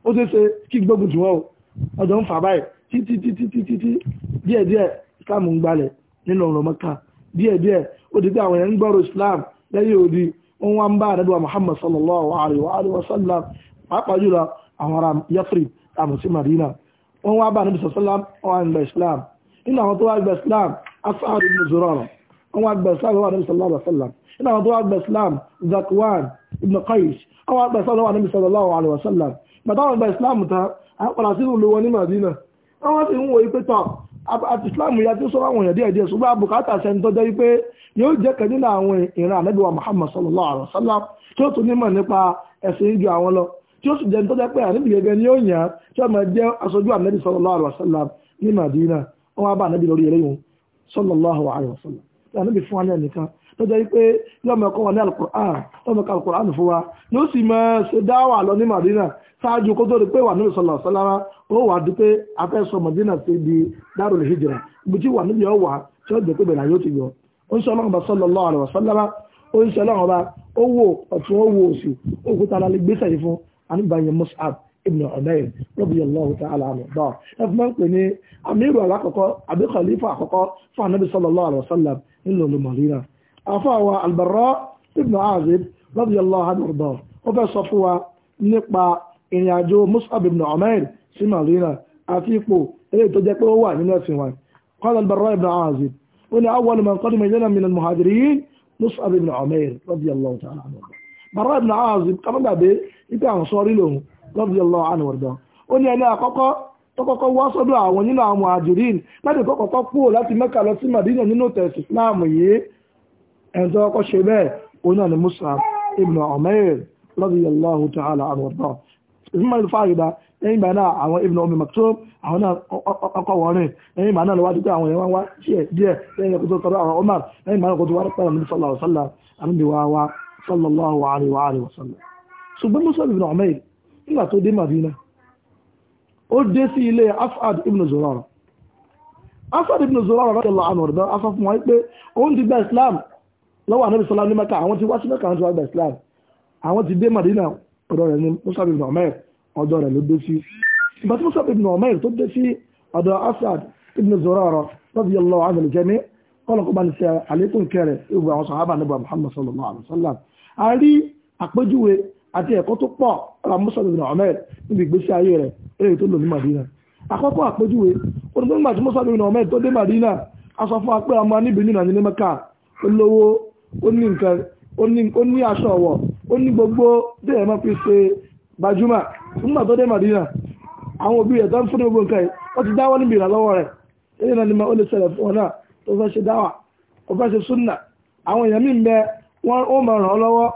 ó ṣe ṣe kí gbógun tì wọ́n ọjọ́ ń fà báyìí títí títí títí tí díẹ̀díẹ̀ islam ń gbalẹ̀ nínú ọ̀rọ̀ mọ́ká díẹ̀díẹ̀ ó ti pé àwọn èèyàn ń gbọ́rọ̀ islam lẹ́yìn òdi wọ́n wá ń bá àdẹ́dùwà muhammad sallallahu alaihi wa sallam pàápàá jùlọ àwọn ará yafri àmọ̀ sí madina wọ́n wá bá àdẹ́dùwà sallam wọ́n wá ń gba islam nínú àwọn tó wá gba islam asáàrù ibn zurara wọ́n wá gba islam wọ́n wá àdẹ́dùwà sallam nínú àwọn tó wá gba islam zakwan ibn qais àwọn àgbà ìsìlámù wà níbi sallallahu alaihi wasallam bàtàwọn àgbà islam ta àpàdà sínú ìlú wọn madina wo ya tí ó sọ àwọn èèyàn díẹ̀ díẹ̀ ṣùgbọ́n àbùkátà sẹni tó jẹ́ wípé yóò jẹ́ kẹ́ na àwọn iran ànábì wa muhammad sallallahu alaihi wasallam tí ó tún nímọ̀ nípa ẹ̀sìn ju àwọn lọ tí ó sì jẹ́ tó jẹ́ pé ànábì ni ó yàn tí ó máa sallallahu alaihi wasallam madina sallallahu alaihi wasallam tó jẹ́ pé yọmọ ẹ̀kọ́ wọn ní alukur'an yọmọ ẹ̀kọ́ alukur'an fún wa ni ó sì máa ṣe dáwà lọ ní Madina ṣáájú kó tó di pé wà níbi sọlọ sọlára ó wà di afẹ́sọ Madina ti di Darul Hijra ibi tí wà níbi ọwà tí ó gbé pé bẹ̀rẹ̀ yóò ti yọ ó ń sọ ọlọ́run bá sọlọ lọ àrẹwà sọlára ó ń sọ ọlọ́run bá ó wò ọ̀tún ó wò òsì ó kúta alẹ́ gbèsè yìí fún aníbàyẹn Mus'ab ibn Umayr radiyallahu ta'ala anhu dáa ẹfún ń pè ní amíru alákọ̀ọ́kọ́ àbí khalifa àkọ́kọ́ fún anábì sallallahu alaihi wasallam nílùú olùmọ̀lẹ́ra àfáàwà àlùbàrà ibn azib radiyallahu anhu ọ̀dọ̀ ó fẹ́ sọ fún wa nípa ìrìn àjò mus'ab ibn umair sí madina àti ipò eléyìí tó jẹ́ pé ó wà nínú ẹ̀sìn wa qala àlùbàrà ibn azib ó ní awwal man qadima ilayna min al-muhajirin mus'ab ibn umair radiyallahu ta'ala anhu bàrà ibn azib kàmúgbàgbé ipe àwọn sọrí lòun radiyallahu anhu ọ̀dọ̀ ó ní ẹni àkọ́kọ́ tó kọ́kọ́ wá sọ́dọ̀ àwọn nínú àwọn àjòrín láti kọ́kọ́ kúrò láti mẹ́kà lọ sí madina nínú tẹ̀sí islam yìí ẹni tó kọ́kọ́ ṣe bẹ́ẹ̀ òun náà ni Mus'ab ibn Umair radiyallahu ta'ala anhu ọ̀dọ́ ìsúnmọ́ ìlú fáyidá lẹ́yìn náà àwọn ibn Umm Maktum àwọn ọkọ̀ wọ̀rin lẹ́yìn náà lọ́wọ́ àwọn wá díẹ̀ díẹ̀ lẹ́yìn sallam sallallahu alaihi wa sallam ibn Umair nígbà tó dé Madina ó dé sí ilé ibn Zurara As'ad ibn Zurara lọ́wọ́ ànábì sọlá ní mẹ́ka àwọn ti wá sí mẹ́ka àwọn ti wá gba islam àwọn ti dé madina ọ̀dọ̀ rẹ̀ ní musa ibn omer ọ̀dọ̀ rẹ̀ ló dé sí ìgbà tí musa ibn omer tó dé sí ọ̀dọ̀ asad ibn zorara radiyallahu anhu al-jami kọ́lọ̀ kó bá ní sẹ àlékún kẹrẹ ìwé àwọn sàhábà nígbà muhammad sallallahu alaihi wasallam a rí àpéjúwe àti ẹ̀kọ́ tó pọ̀ ọ̀rọ̀ musa ibn omer níbi ìgbésí ayé rẹ̀ eré tó lò ní madina àkọ́kọ́ àpéjúwe ó tí musa ibn omer tó dé madina a sọ fún wa pé ọmọ níbi nínú àyẹ̀lẹ́mẹ́ka olówó onu ní nǹkan ó aṣọ ọ̀wọ̀ ó gbogbo déyẹ̀ máa fi ṣe gbajúmọ̀ nígbà tó dé Madina àwọn òbí rẹ̀ tó ń fún ní gbogbo nǹkan yìí ti dáwọ́ níbi ìrànlọ́wọ́ rẹ̀ náà ni ó lè ṣẹlẹ̀ fún ọ tó fẹ́ ṣe dáwà ó fẹ́ ṣe súnà àwọn èèyàn mí ó ràn ọ́ lọ́wọ́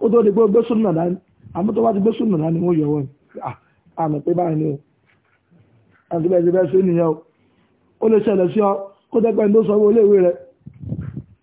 ó tó di gbé súnà dání àmọ́ tó bá ti gbé súnà dání wọ́n yọ wọn àmì pé báyìí ni o àti bẹ́ẹ̀ ti bẹ́ẹ̀ ṣe nìyẹn o ó lè ṣẹlẹ̀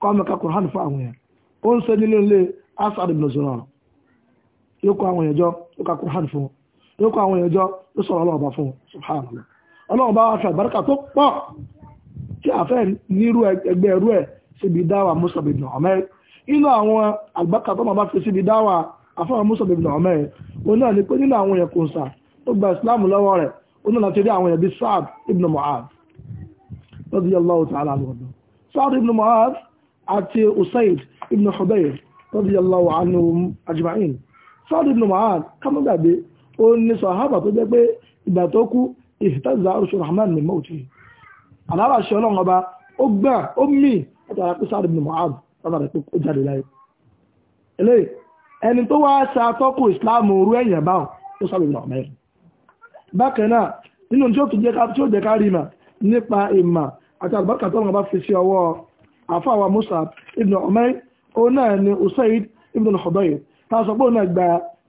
kọ́ mẹ́ka ha fún àwọn ya ó ń ṣe nílé ilé Asad ibn Zurara yóò kọ́ jọ yóò ka Qur'an fún wọn yóò kọ́ jọ yóò sọ̀rọ̀ ọlọ́ọ̀bá fún wọn subhanallah ọlọ́ọ̀bá wa fi àbáríkà tó pọ̀ tí a fẹ́ nírú ẹgbẹ́ ma ẹ̀ fi síbi dáwà afọ́wà Musab ibn Islam Sa'ad ibn Ati usaid ibn hubayr radiyallahu anhum ajma'in saad ibn mu'ad kámọ́gbàgbé ó ní sàhábà tó jẹ́ pé ìgbà tó kú ìfìtàzà arṣu rahman ṣe ọlọ́run ọba ó gbà ó mì látara pé saad ibn mu'ad látara pé ó jáde láyé eléyìí ẹni tó àfáwà musab ibn umair òun náà ni usaid ibn al-hudayr táà sọ pé òun náà gba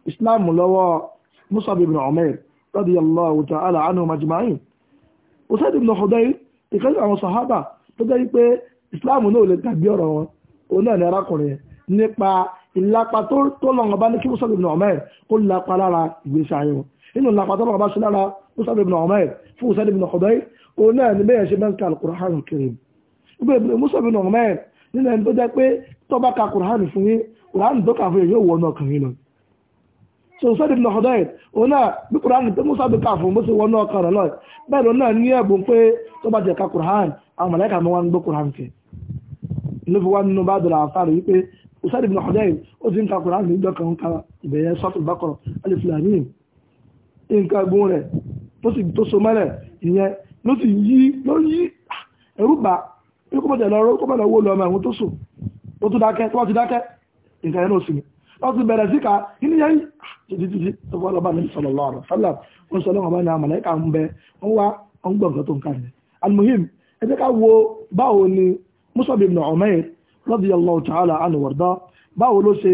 islam lọ́wọ́ musab ibn umair radiyallahu ta'ala anhu majma'in usaid ibn al-hudayr ìkan àwọn sahaba tó jẹ́ pé islam náà lè tàbí ọ̀rọ̀ wọn òun náà ni arákùnrin nípa ìlapa tó lọ́wọ́ bá ní kí musab ibn umair kó lapa lára ìgbésí ayé wọn inú ìlapa tó lọ́wọ́ bá ṣe lára musab ibn umair fún usaid ibn al òun náà ni bẹ́ẹ̀ ṣe mẹ́ta gbogbo mùsùlùmí nà mẹ́rin nínú ẹni tó jẹ́ pé ka kùránì fún yín kùránì tó kà fún yín náà kàn lọ. so sọ́dí ibùdó ọ̀dọ́ yìí òun náà bí kùránì tó mùsùlùmí kà fún bó ṣe wọ náà kàn lọ bẹ́ẹ̀ ló náà ní ẹ̀bùn pé ka kùránì àwọn mọ̀lẹ́kà mọ́ wá ń gbọ́ kùránì fi wá nínú bá dọ̀rọ̀ ó ti ka kan ka ìbẹ̀yẹ aliflamin nǹkan rẹ̀ tó ikú bọ̀dẹ̀ lọ́rọ́ kó bẹ̀rẹ̀ owó lọ́mọ àwọn tó sùn ó tún dákẹ́ tó wá ti dákẹ́ nǹkan ẹ̀rọ òsì mi wọ́n ti bẹ̀rẹ̀ síka nínú yẹn ah, títí tó fọ́ lọ́ba ní sọ̀lọ́lọ́ ọ̀rọ̀ sálà wọ́n sọ lọ́wọ́ bá ní àmàlẹ́ ká ń bẹ wọ́n wá wọ́n gbọ́ nǹkan tó ń kàlẹ̀ almuhim ẹ jẹ́ ká wo báwo ni musab ibn umair radiyallahu ta'ala anhu warda báwo ló ṣe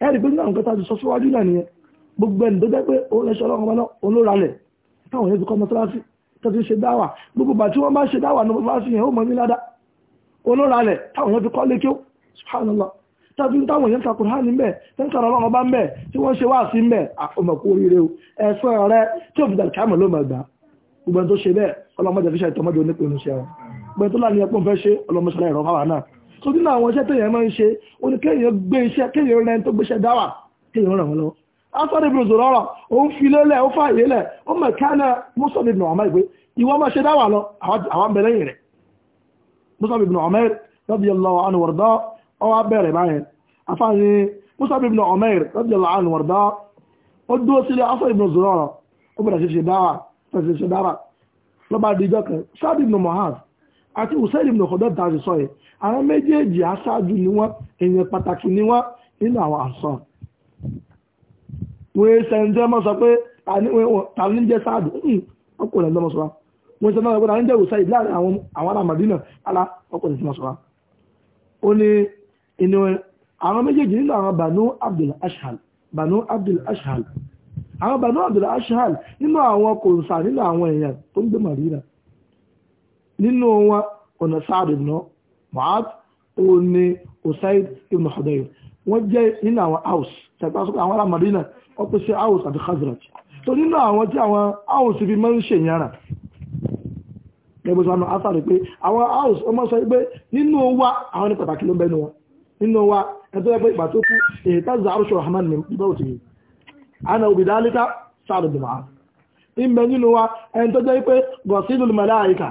ẹ̀rì pé nígbà nǹkan tá a ti sọ síwájú náà nìyẹn gbogbo ẹni tó jẹ́ pé òun lẹ́sọ̀ ọlọ́run ọmọ náà olóralẹ̀ táwọn yẹn ti kọ́ mọ́sálásí tó ti ṣe dáwà gbogbo bá tí wọ́n bá ṣe dáwà ní mọ́sálásí yẹn ó mọ̀ ní ládá olóralẹ̀ táwọn yẹn ti kọ́ lékí ó subhanallah tàbí táwọn yẹn takùn hàn níbẹ̀ tó ń sọ̀rọ̀ ọlọ́run ọba ń bẹ̀ tí wọ́n ṣe wá sí ń bẹ̀ àkọmọ̀kú oríire o ẹ̀sọ́ rẹ tí ò fi dàrú káàmù ló mọ̀ gbà gbogbo ẹni tó ṣe bẹ́ẹ̀ ọlọ́mọdé fi ṣe àìtọ́mọdé onípinnu ṣe wọn gbogbo ẹni tó láàrin ẹpọ́n fẹ́ ṣe ọlọ́mọṣẹ́lá so nínú àwọn iṣẹ́ téèyàn máa ń ṣe ó ní kéèyàn gbé iṣẹ́ kéèyàn rẹ̀ tó gbéṣẹ́ dáwà kéèyàn ràn wọ́n lọ́wọ́ afọ́dé bí òṣòro ọ̀rọ̀ òun fi lélẹ̀ ó fà yélẹ̀ ó mọ̀ kánà mùsùlùmí ibn Umair ìgbé ìwọ máa ṣe dáwà lọ àwọn bẹ̀rẹ̀ yìí rẹ̀ mùsùlùmí ibn Umair radiyallahu anhu warda ọwọ́ bẹ̀rẹ̀ báyẹn afáàní mùsùlùmí bẹ̀rẹ̀ ṣe ṣe àti hussein ibn ọ̀kọ̀dọ̀ dàrí sọ yìí àwọn méjèèjì aṣáájú ni wọ́n èèyàn pàtàkì ni wọ́n nínú àwọn àṣàn wọ́n ṣẹ̀ǹtẹ́ mọ́ sọ pé tàbí jẹ́ sáàdù hmm, ọkùnrin lọ́mọ sọ́ra wọ́n ṣe náà gbọ́dọ̀ jẹ́ hussein láàrin àwọn ará madina ara ọkùnrin lọ́mọ sọ́ra ó ní inú àwọn méjèèjì nínú àwọn banu abdul ashal banu abdul ashal àwọn banu abdul ashal nínú àwọn kòǹsà nínú àwọn èèyàn tó ń gbé madina nínú wọn ọ̀nà Sa'd ibn Mu'adh òun ni ibn Hudayr wọ́n jẹ́ nínú àwọn Aws ṣàgbàsókè àwọn ará Madina wọ́n pèsè Aws àti Khazraj tó nínú àwọn tí àwọn Aws fi máa ń ṣèyànrà lẹ́gbẹ̀sánà afárí pé àwọn house ọmọ sọ pé nínú wa àwọn ní pàtàkì ló bẹnu wọn nínú wa ẹgbẹ́ ìgbà tó kú èyí òtù yìí òbí dálítà nínú wa ẹni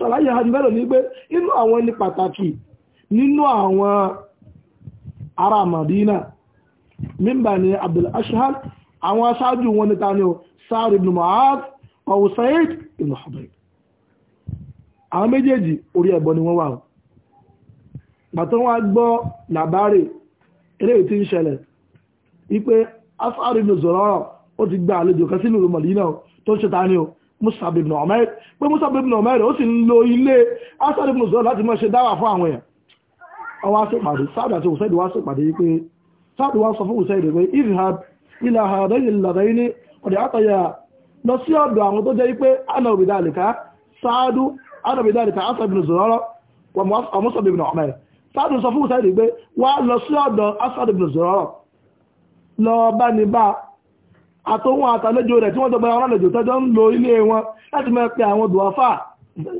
ṣàlàyé àdìbẹ́lò ní pé inú àwọn ẹni pàtàkì nínú àwọn ará Madina mímbà ní Abdul àwọn aṣáájú wọn ni ó ibn Mu'adh wa Usayd ibn Hudayr àwọn méjèèjì orí ẹ̀bọ ni wọ́n wà bàtọ́ wọn gbọ́ làbárè eléyìí tí ń ṣẹlẹ̀ wípé As'ad ibn ó Mus'ab ibn Umair pé Mus'ab ibn Umair ó sì ń lo ilé Asad ibn láti mọ́ ṣe dáwà fún àwọn èèyàn ọwá sí pàdé sáàdì àti òsèdè wá sí pàdé pé ọdụ pé sáàdù sọ fún òsèdè pé àtòhun àtàlejò rẹ̀ tí wọ́n tọgbà àwọn àlejò tọ́jọ́ ń lo ilé wọn láti máa pe àwọn dùwáfà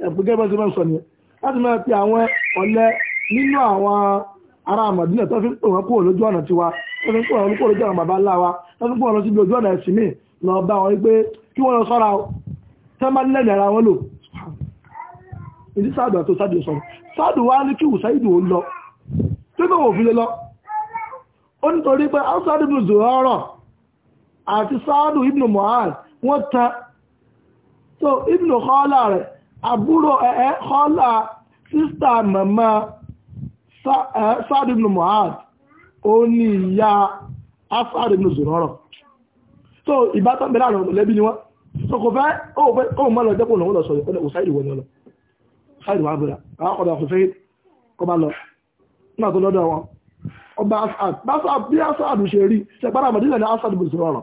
ẹ̀fúgẹ́ bá ṣe máa ń sọ nìyẹn láti máa pe àwọn ọ̀lẹ nínú àwọn ará àmàdínà tó fi ń pè wọ́n kúrò lójú ọ̀nà tiwa tó fi ń pè wọ́n kúrò lójú ọ̀nà bàbá ńlá wa tó fi ń pè wọ́n lọ sí lójú ọ̀nà ẹ̀sìn míì lọ bá wọn pé kí wọ́n lọ sọ́ra tẹ́ bá nílẹ̀ ara wọn lò ìdí sáàdù àti sáàdù sọ̀rọ̀ sáàdù wá ní kí ìwùsáìdù ó lọ tó bẹ̀wò òfin lọ ó nítorí pé outside of the zoro àti sáádù ibnu mu'az wọ́n tan so ibnu kọ́lá rẹ̀ àbúrò ẹ̀ẹ́ kọ́lá sísà màmá sáádù ibnu mu'az ó ní ìyá asáádù ibnu zùrọ̀rọ̀ so ìbátan bẹ̀rẹ̀ àwọn ọ̀lẹ́bí ni wọ́n so kò fẹ́ ó mọ́ lọ jẹ́pọ̀ lọ́wọ́ lọ sọ̀rọ̀ ọ̀dẹ̀ òsáìdì wọ́n lọ bí asad ṣe rí ṣẹ̀gbára mọ̀dílẹ̀ ní asad bùsùn ọ̀rọ̀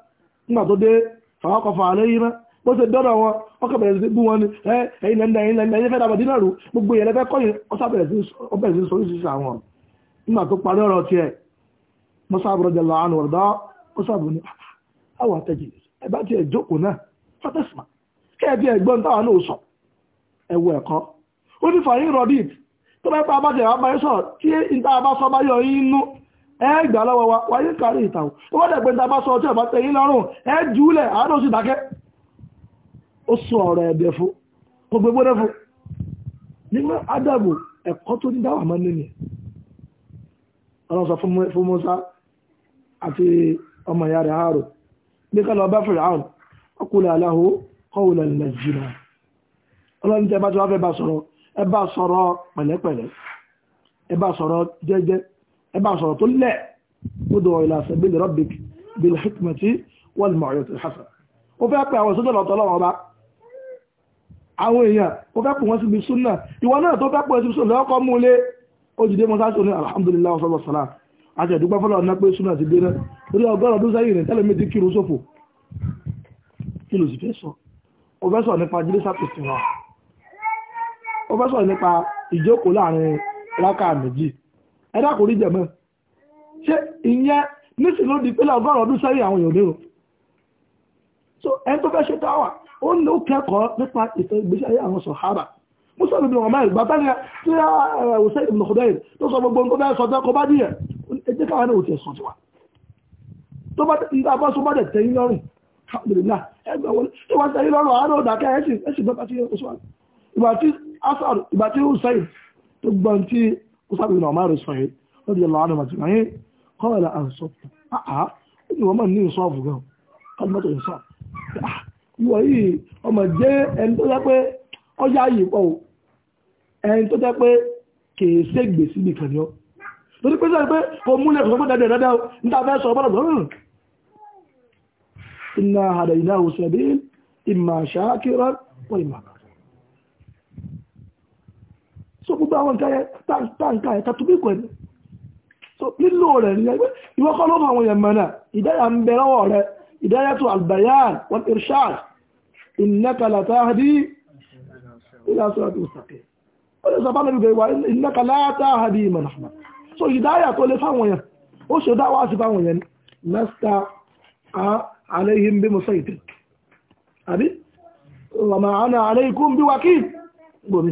nígbà tó dé fàwọn kọfà àlẹ́ yìí mọ́ bó ṣe dọ́dọ̀ wọn wọ́n bẹ̀rẹ̀ sí bú wọn ni ẹ̀yin lẹ́nu ẹ̀yin lẹ́nu ẹ̀yin fẹ́ dàbọ̀ dínà rú gbogbo yẹn lẹ́fẹ́ kọ́yìn ọ̀sà bẹ̀rẹ̀ sí nígbà tó parí ọ̀rọ̀ tiẹ̀ ni ah, ah, àwọn àtẹ̀jì ẹ bá tiẹ̀ jókòó náà fọ́tẹ̀sìmà kí ẹ tiẹ̀ gbọ́n táwọn náà sọ ẹ̀kọ́ ó ní fàyín tó bá sọ̀rọ̀ tí ìta abá sọ bá yọ yín ẹgbà lọ́wọ́ wa wáyé kàrí ìtàwò ìwọ́dẹ̀ pé tàbá sọ ọjọ́ ìbá tẹ̀yìn lọ́rùn ẹ jùúlẹ̀ àádọ́ sí dákẹ́ ó sọ ọ̀rọ̀ ẹ̀bẹ̀ fún kò gbégbóná fún nígbà adàbò ẹ̀kọ́ tó ní dáwà nínú ọlọ́sọ ọmọ ìyá rẹ̀ àárò kálọ̀ ọba ọkùnrin ẹbá sọ̀rọ̀ tó lẹ̀ gbọ́dọ̀ ìlà sabili rabbik bil hikmati wal maw'izati hasana ó fẹ́ pẹ́ àwọn sódò lọ́tọ̀ lọ́wọ́ ọba àwọn èèyàn ó fẹ́ pọ̀ wọ́n síbi súnà ìwọ náà tó fẹ́ pọ̀ síbi súnà lọ́kọ́ mú lé ó jìdé mọ́sáṣí oní alhamdulillah ọ̀sọ́lọ̀ sọ́lá àti ẹ̀dúgbọ́ fọ́lọ̀ ọ̀nà pé súnà ti dérẹ́ torí ọgọ́rọ̀ ọdún sẹ́yìn rẹ̀ tẹ́lẹ̀ méjì kírun sófò kí ló sì fẹ́ sọ ó fẹ́ sọ nípa jílé sàtìsì wọn ó fẹ́ sọ nípa ìjókòó láàrin rákà méjì ẹ̀dá kò rí jẹ̀mọ́ ṣé ìyẹn nísìn ló di pélé ọgọ́rùn ọdún sẹ́yìn àwọn èèyàn lérò so ẹni tó fẹ́ ṣe dáwà ó ní ó kẹ́kọ̀ọ́ nípa ìtàn ìgbésí ayé àwọn sọ̀hárà musa bíbí wọn máa ìgbà tánìyà tí a ọ̀sẹ̀ ìbùnà kọ̀dọ̀ yìí tó sọ gbogbo nǹkan bẹ́ẹ̀ sọ̀tẹ́ kọ bá díẹ̀ ẹjẹ́ káwọn náà ò tiẹ̀ sọ̀tì wa tó bá ń dá bá sọ bá dẹ̀ tẹ̀yìn lọ́rùn alhamdulillah ẹgbẹ́ wọlé tí wọ́n tẹ̀yìn lọ́rùn àárọ̀ ọ̀dàkẹ́ ẹ̀sìn ẹ̀sìn bẹ́ẹ̀ bá ti yẹ oṣù wa ìgbà tí Hasan وصعب بن عمار الصحيح رضي الله عنهم أجمعين قال أنصف أه وما ní ìsọ́ọ̀fù gbogbo àwọn nǹkan yẹn táǹkà yẹn tàtúbí kò ní so nílò rẹ̀ ní ẹgbẹ́ ìwọ kọ́ ló mọ àwọn yẹn mọ̀nà ìdáyà ń bẹ lọ́wọ́ rẹ ìdáyà tó albayan wọn irshad innaka la tahdi ila so ìdáyà tó lè fáwọn yẹn ó ṣe dá wá sí fáwọn yẹn lẹ́sítà àlẹ́yìn bí gbòmí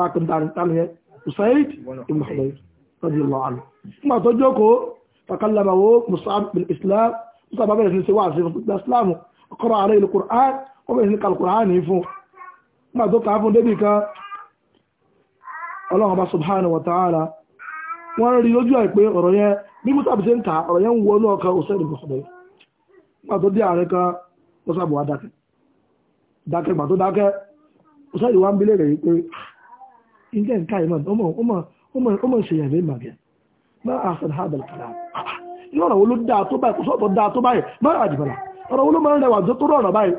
sáàkùn tààrí usaid ibn hudayr radiyallahu anhu nígbà tó jókòó fakalamawo musab bin islam musab bẹ̀rẹ̀ sí ṣe wá sí fún islam ọkọ̀rọ̀ ààrẹ ìlú qur'an ó bẹ̀rẹ̀ sí kal qur'an ní fún nígbà tó kà á fún débì kan ọlọ́run ọba subhanahu wa ta'ala wọ́n rí lójú àìpé ọ̀rọ̀ yẹn bí musab ṣe ń ta ọ̀rọ̀ yẹn ń wọnú ọkọ̀ usaid ibn hudayr nígbà tó dé ààrẹ kan musab wà dákẹ́ dákẹ́ gbà tó dákẹ́ usaid wà ń bilẹ̀ rẹ̀ yìí pé nígbà nǹkan ìmọ̀ ọmọ ọmọ ọmọ ọmọ ìṣèyàn ìmọ̀ bíi má a sọ ha bẹ̀rẹ̀ kàlá ní ọ̀rọ̀ wo ló dáa tó báyìí kò sọ́ọ̀tọ̀ dáa tó báyìí má a jìbọ̀lá ọ̀rọ̀ wo ló máa ń rẹwà tó tó rọ̀rọ̀ báyìí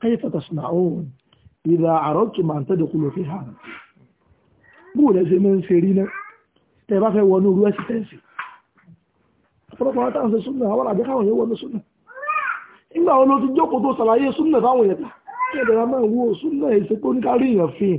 káyé fẹ́ta sinà òun ìlà àrọ́ tó máa ń tẹ́jọ kúlò fi hàn bó lẹ́ ṣe máa ń ṣe rí ná tẹ́ bá fẹ́ wọnú irú ẹ́sítẹ́ǹsì ọ̀pọ̀lọpọ̀ wọn táwọn ṣe súnà àwọn àjẹ́ káwọn yóò wọnú súnà nígbà wọn ló ti jókòó tó ṣàlàyé súnà fáwọn yẹ̀ta kí ẹ̀dẹ̀ máa wo súnà ìsepó ní kárí èèyàn fi hàn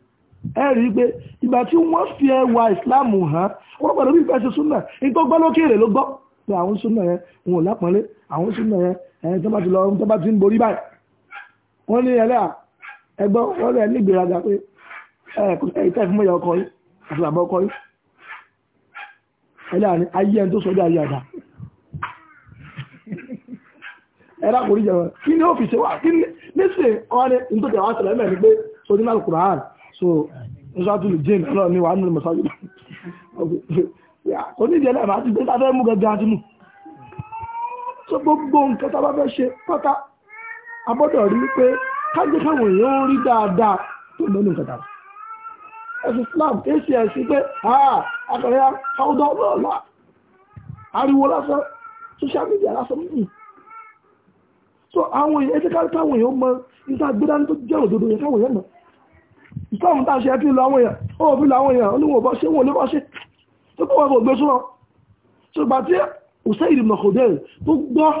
ẹ̀rí pé ìgbà tí wọ́n fi ẹwà ìsìláàmù hàn wọ́n pẹ̀lú bí ló gbọ́ pé àwọn yẹn wọn ò lápọ̀nlé àwọn súnà yẹn ẹ̀yìn tó bá ti lọ tó bá ti ń borí báyìí wọ́n ní ẹlẹ́à ẹgbọ́n ọkọ yìí àti ọkọ yìí ẹlẹ́à ẹni ẹ̀rá kò rí kí ni ó fi ṣe wà kí ní so ṣáàtúlù jane ọlọ́run ní wàá nínú mọ̀sájú onídìí ẹlẹ́mà àti gbé sáfẹ́ mú gẹ́gẹ́ àti mú so gbogbo nǹkan tá a bá fẹ́ ṣe pátá a gbọ́dọ̀ rí pé kájé káwọn èèyàn ń rí dáadáa tó lọ ní nǹkan dára ẹ̀sìn Islam kì í ṣe ẹ̀sìn pé akọ̀rẹ́ káwọ́dọ̀ ọlọ́ọ̀lá ariwo lásán social media lásán mú so àwọn èèyàn ẹ̀sìn káwọn èèyàn mọ nígbà gbé dání tó jẹ́ òdodo yẹn káwọn èèyàn mọ̀ ìsìláàmù tá a ṣe ẹ fi lọ àwọn èèyàn ó wọ́n fi lọ àwọn èèyàn olúwọ̀n bọ́ ṣé wọn lè bọ́ ṣe tó kọ́ wọn kò gbé súnmọ́ ṣùgbọ́n tí Usaid ibn Khudair tó gbọ́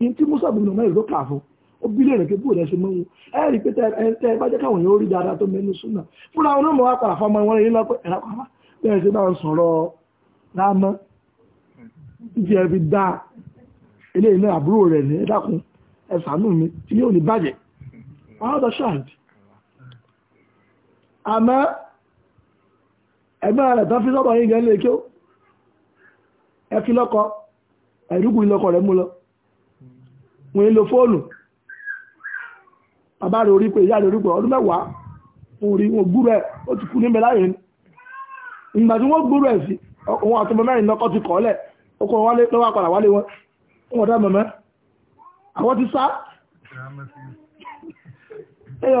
ní tí Musa ibn Umair ló kà fún ó bílẹ̀ rẹ̀ pé bóòdù ẹ ṣe mọ́ wọn ẹ rí pé tẹ ẹ bá jẹ́ káwọn èèyàn ó rí dáadáa tó mẹ́nu súnà fúnra wọn náà mọ̀ wá padà fọmọ wọn yín lọ́pẹ́ ẹ̀rọ pàmò bẹ́ẹ̀ àmọ́ ẹgbẹ́ rẹ̀ tán fi sọ́bọ̀ yìí gẹ́lẹ́ kí ó ẹfi lọ́kọ́ ẹ̀rúkù ilọ́kọ̀ rẹ̀ mú lọ wọ́n lo fóònù bàbá rẹ̀ orí pé ìyá wọ́n wọ́n ẹ̀ ó ti kú níbẹ̀ láyé ni ìgbà tí wọ́n ẹ̀ sí òun àti ọmọ mẹ́rin lọ́kọ́ ti kọ́ lẹ̀ ọkọ̀ wálé lọ́wọ́ wálé wọn wọ́n dá mọ̀mọ́ àwọn ti sá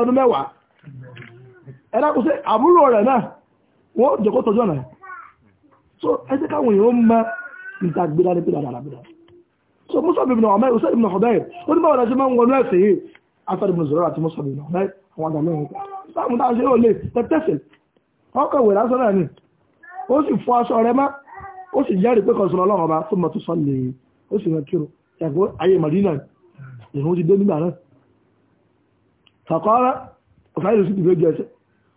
ọdún ẹ̀dàkùsẹ́ àbúrò rẹ̀ náà wọ́n jẹ́kó tọ́jú ọ̀nà so ẹjẹ́ káwọn èèyàn ma ìtàgbìdá ní pídà dàdàbìdà so Mus'ab ibn Umayr Usayd ibn Hudayr ó ní báwọn ẹ̀ṣẹ́ máa ń wọnú ẹ̀sẹ̀ yìí afẹ́rẹ́ ibn àti Mus'ab ibn Umayr àwọn àgbà mẹ́rin ká sáàmù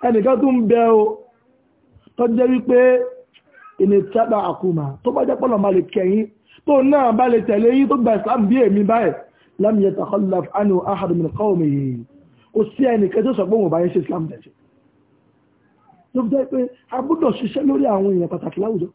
ẹnìkan tún bẹ o tó jẹ́ wípé ìní tábà àkùmà tó bá jẹ́ pọ́nà bá lè kẹ̀yìn tó náà bá lè tẹ̀lé yín tó gba ìsìlámù bí èmi báyìí lam yatakhallaf anhu ahad min qawmihi kò sí ẹnìkan tó sọ pé òun bá yẹn ṣe ìsìlámù tẹ̀sí ló fi jẹ́ pé a gbọ́dọ̀ ṣiṣẹ́ lórí àwọn èèyàn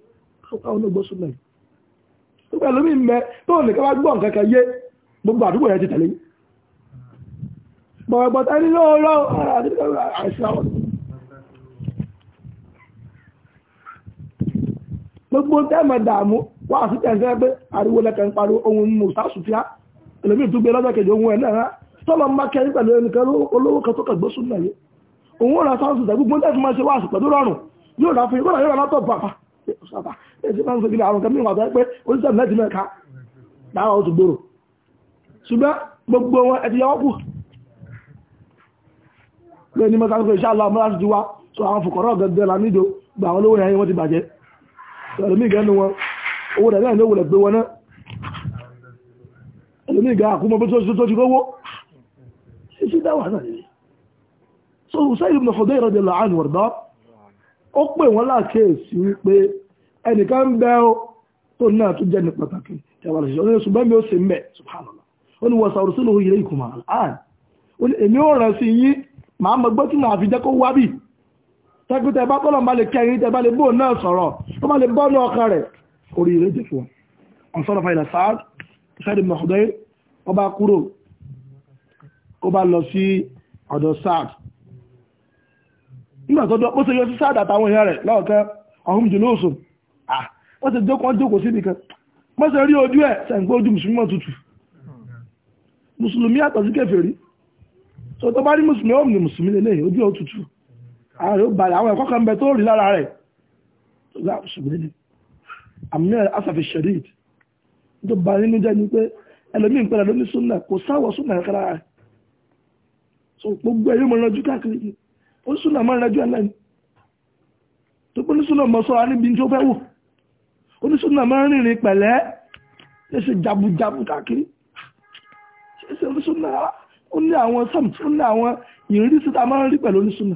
gbogbo tẹ́mọ̀ dààmú wà sí tẹ̀sẹ̀ pé ariwo lẹ́kẹ̀ ń pariwo ohun musa sùfíà ẹlòmíì tó gbé lọ́jọ́ kejì ohun ẹ̀ náà tọ́lọ má kẹrí pẹ̀lú ẹnìkan olówó kan tó kẹgbó súnmọ̀ yìí òun ra sáwọn sùdà gbogbo tẹ́sí máa ṣe wá sí pẹ̀lú rọrùn yóò rà fún ìgbọ́nà yóò rà látọ̀ bàbá èsì máa ń sọ gíga àwọn kan mìíràn àbẹ́ pé oníṣẹ́ mẹ́tì mẹ́ka dáhà oṣù gbòòrò ṣùgbọ́n gbogbo wọn ẹ ti yọwọ́ kù lóyún ní mọ́ta ń sọ iṣẹ́ àlọ́ àmúlá ti wá sọ àwọn fòkọ̀rọ̀ gẹ́gẹ́ la gbà àwọn olówó yẹn wọ́n ti bàjẹ́ ẹlòmí ìgá ẹnu wọn owó rẹ̀ láì lówó rẹ̀ gbé wọn náà ẹlòmí ìgá àkúmọ̀ bí tó ti kówó ṣíṣí dáwà náà nìyí so Usayd ibn Hudayr radiyallahu anhu wọ̀rọ̀dá ó pè wọ́n láàkíyèsí wípé ẹnìkan bẹ́ ó tó náà tó jẹ́ ní pàtàkì tẹwà lè ṣe ó ní ṣùgbọ́n mi ó sì mẹ́ subhanallah ó ní wọ́n sàrùsílò ilaykum al'an ó ní ó rẹ̀ sí yín màá mọ̀ gbọ́ tí fi jẹ́ kó tẹ́gbẹ́tẹ́ bá tọ́lọ̀ bá lè kẹrin tẹ́ bá lè bóò náà sọ̀rọ̀ tó bá lè bọ́ ní ọkàn rẹ̀ orí ilé jẹ́ fún ọ̀n sọ́rọ̀ fàílà sáàd ìsáàdì mọ̀kọ̀dẹ́ ó bá kúrò ó bá lọ sí ọ̀dọ̀ sáàd nígbà tó ó ṣe yọ sí sáàd àtàwọn èèyàn rẹ̀ lọ́ọ̀kẹ́ ọ̀hún jù lóòsù ó ààrẹ ó balẹ̀ àwọn ẹ̀kọ́ kan bẹ tó rí lára rẹ̀ ṣùgbọ́n àmì asàfi ṣẹ̀ríd tó bá nínú jẹ́ ni pé ẹlòmí ń pẹ̀lẹ̀ lómi súnà kò sáwọ̀ súnà ẹ̀kára rẹ̀ so gbogbo ẹ̀yọ́ mọ̀ lọ́jú káàkiri ó súnà mọ́ lọ́jú ẹlẹ́ni tó pé onísúnà mọ́ sọ́ra níbi tí ó fẹ́ wò onísúnà mọ́ rìnrìn pẹ̀lẹ́ ṣe ṣe jabujabu káàkiri ṣe ṣe onísúnà ó ní àwọn sọ́mù ó ní àwọn ìrírí síta máa ń rí pẹ̀lú onísúnà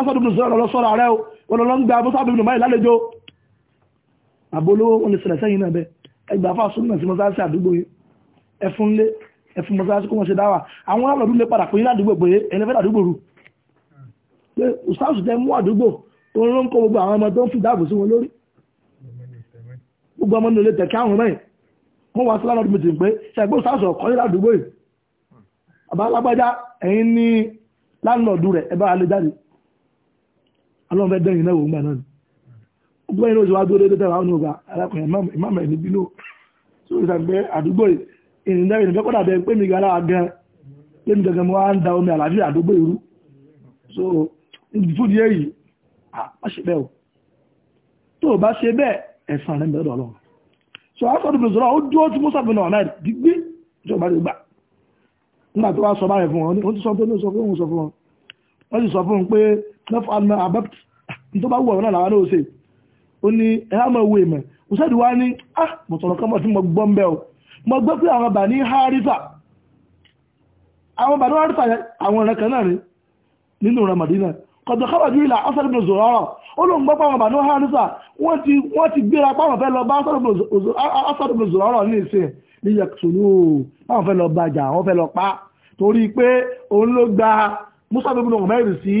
asọ́dún ní sọ́rọ̀ lọ́sọ́rọ̀ rẹ̀ wọn lọ́n gba abúsáàbí ní báyìí lálejò àbólówó wọn lè sẹ̀rẹ̀ sẹ́yìn náà bẹ ẹgbà fà sún náà sí mọ́sáàsì àdúgbò yìí ẹfún lé ẹfún mọ́sáàsì kó wọ́n ṣe dáwà àwọn aláàbò lè padà pín ládùúgbò pé ẹni fẹ́ ládùúgbò rú pé ustaz tẹ mú àdúgbò tó ń rán kó gbogbo àwọn ọmọ tó ń fi dáàbò sí wọn lórí gbogbo ọmọ nílé tẹ̀kẹ́ àwọn mẹ́rin wọ́n wá sí lánàá mìtì pé ṣẹ̀gbọ́n ustaz ọ̀kọ́ ní ládùúgbò yìí àbá alágbájá ẹ̀yin ní lánàá ọ̀dù rẹ̀ ẹ bá alẹ́ jáde ọlọ́run fẹ́ dẹ́yìn náà wò ńgbà náà gbogbo ẹni oṣù wa dúró déédéé tẹ́wàá ọ̀nà alákùnrin ìmáàmù ẹni bínú tó ń sàgbẹ́ àdúgbò ìrìnlẹ́ ìrìnlẹ́ kọ́dà bẹ́ẹ̀ pé mi gara gan lẹ́nu gangan mo wá ń da omi àlàáfíà àdúgbò ìrú so fún di èyí àpá ṣe bẹ́ẹ̀ o tó o bá ṣe bẹ́ẹ̀ ẹ̀sán rẹ̀ mẹ́rọ̀ ọlọ́run so afọ́dún bẹ̀rẹ̀ sọ́ra ó dúró tí mọ́sàbí náà náà nọ́fọ̀ àmọ́ àbápt tó bá wù ọ̀rọ̀ náà làwọn náà ṣe ó ní ẹ̀ á mọ̀ owó ìmọ̀ òṣèlú wa ní ah mo sọ̀rọ̀ kọ́mọ̀ tí mo gbọ́ ń bẹ́ o mo gbọ́ pé àwọn bà ní harisa àwọn bà ní harisa àwọn ọ̀rẹ́ kan náà rí nínú ọ̀rọ̀ Madina kọ̀dọ̀ kábàjú ìlà asad ibn Zurara ó lóun gbọ́ pé àwọn bà ní harisa wọ́n ti wọ́n ti gbéra páwọn fẹ́ lọ bá asad ibn Zurara ní ìsìn sí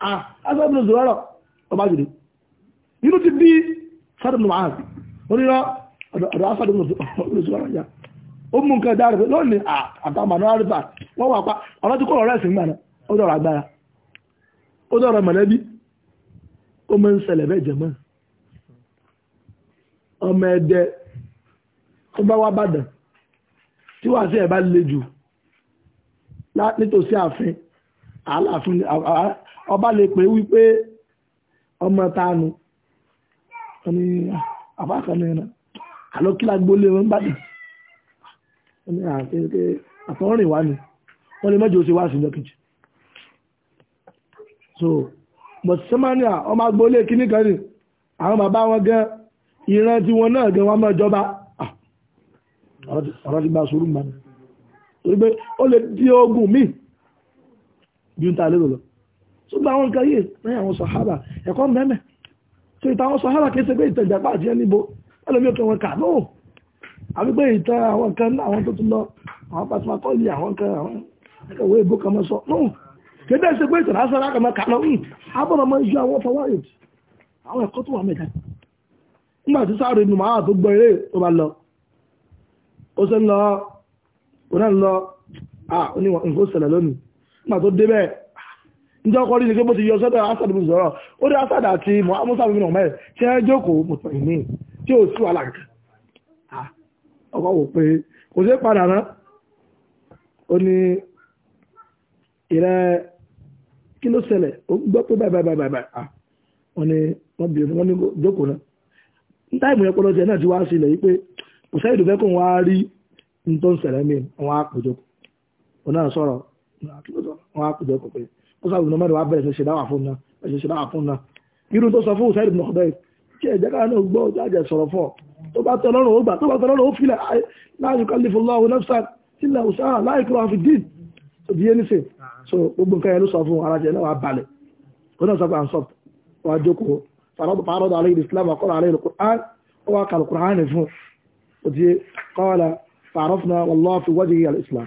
agbábìnrin ah, zòrọ́rọ̀ ọba gidi inú ti bí sádùnù ààbì onírọ́ ọ̀dọ̀ asádùnù zòrọ́rọ̀ ya ó mú nǹkan dára pé lónìí ah, àtàmànà àrífà wọ́n wà pa ọ̀rọ̀ tí kò rọrọ̀ ẹ̀sìn gbàna ó dọ̀rọ̀ agbára ó ọba lè pè wípé ọmọ tánu ọmọ ah, àfáàkànnì náà àlọ́kílà gbólé wọn bá dì ní àkẹ́kẹ́ àtọ́rìn wá ní wọ́n lè mẹ́jọ òṣèwà sí lọ́kìjì so but samania ọmọ agbólé kíní kan ní àwọn bàbá wọn gan ìran tí wọn náà gan wọn mọ́ ìjọba ọ̀rọ̀ ti gba sùúrù mọ́ torí pé ó lè di ogun míì ju ń ta lérò lọ ṣùgbọ́n àwọn nǹkan yìí lẹ́yìn àwọn sàhábà ẹ̀kọ́ mẹ́mẹ́ so ìta àwọn sàhábà kìí ṣe pé ìtàn ìjàpá àti ẹnìbo ẹlòmí òkè wọn kà náà àbí pé àwọn kan náà àwọn tó tún lọ àwọn pàtó máa kọ́lì kan àwọn akẹwé ìbò kan máa sọ náà kéde ṣe pé ìtàn àṣà lákàmọ́ kà náà àbọ̀rọ̀ máa yọ àwọn fọwọ́rì àwọn ẹ̀kọ́ tó wà mẹ́ta nígbà tí sáré nù máa tó gbọ́ ah oníwọ̀n nǹkan ó ṣẹlẹ̀ lónìí nígbà níjọ́ kọ́ rí ni pé bó ti yọ sọ́dọ̀ Asad bí sọ̀rọ̀ ó dé Asad àti Musa bí nà mẹ́rin tí ẹ jókòó mùtọ̀ ìní tí ó sí wàhálà kankan ọkọ̀ wò pé kò sí padà náà ó ní ìrẹ́ kí ló ṣẹlẹ̀ ó gbọ́ pé báyìí báyìí báyìí báyìí wọ́n ní wọ́n bìí wọ́n ní jókòó náà níta ìmọ̀ ẹ̀pọ̀ lọ́sẹ̀ náà ti wá sílẹ̀ yìí pé kò sẹ́yìn ìdùnfẹ́ kò wá rí ní tó ń ṣẹlẹ̀ mí wọ́n á kò ó sábà ìbùnà mẹ́rin wá bẹ̀rẹ̀ ṣe dáwà fún náà ẹ̀ṣẹ̀ ṣe dáwà fún náà irú tó sọ fún Usaid ibn Khubayr kí ẹ̀jẹ̀ ká náà gbọ́ jáde sọ̀rọ̀ fún ọ tó bá tọ́ lọ́rùn ó gbà tó bá tọ́ lọ́rùn ó filẹ̀ la yukallifu Allahu nafsan illa wus'aha la ikraha fi ddin so di yẹn nísìn so gbogbo nǹkan yẹn ló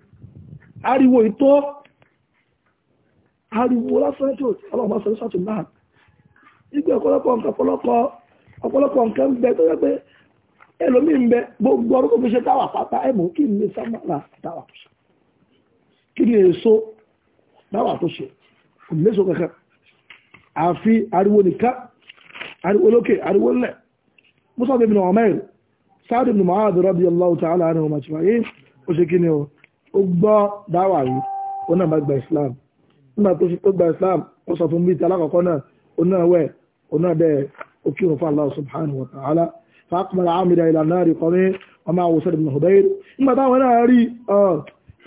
ariwo ito ariwo lásán tí ọlọ́pàá sọ sọ́tù náà igbe ọ̀pọ̀lọpọ̀ nǹkan ọ̀pọ̀lọpọ̀ tó ẹlòmí ń bẹ gbogbo ọdún kò fi ṣe táwà pátá ẹmọ kí ní sámàlà táwà tó ṣe kí ní èso táwà tó ṣe kò ariwo nìkan ariwo lókè ariwo nle musa ọmọ ẹ̀ sáà bí ọlọ́wọ́ tààlà ọmọ ó gbọ́ dáwà rí ó náà bá gba islam nígbà tó ṣe tó gba islam ó sọ fún bíi ti alákọ̀ọ́kọ́ náà ó náà wẹ̀ ó náà dẹ̀ ó kírun fún Allah subhanahu wa ta'ala fàákùnmọ́ra àmìdá ìlànà rí kọrin ọmọ àwòsàn ibn Hudayr nígbà táwọn náà rí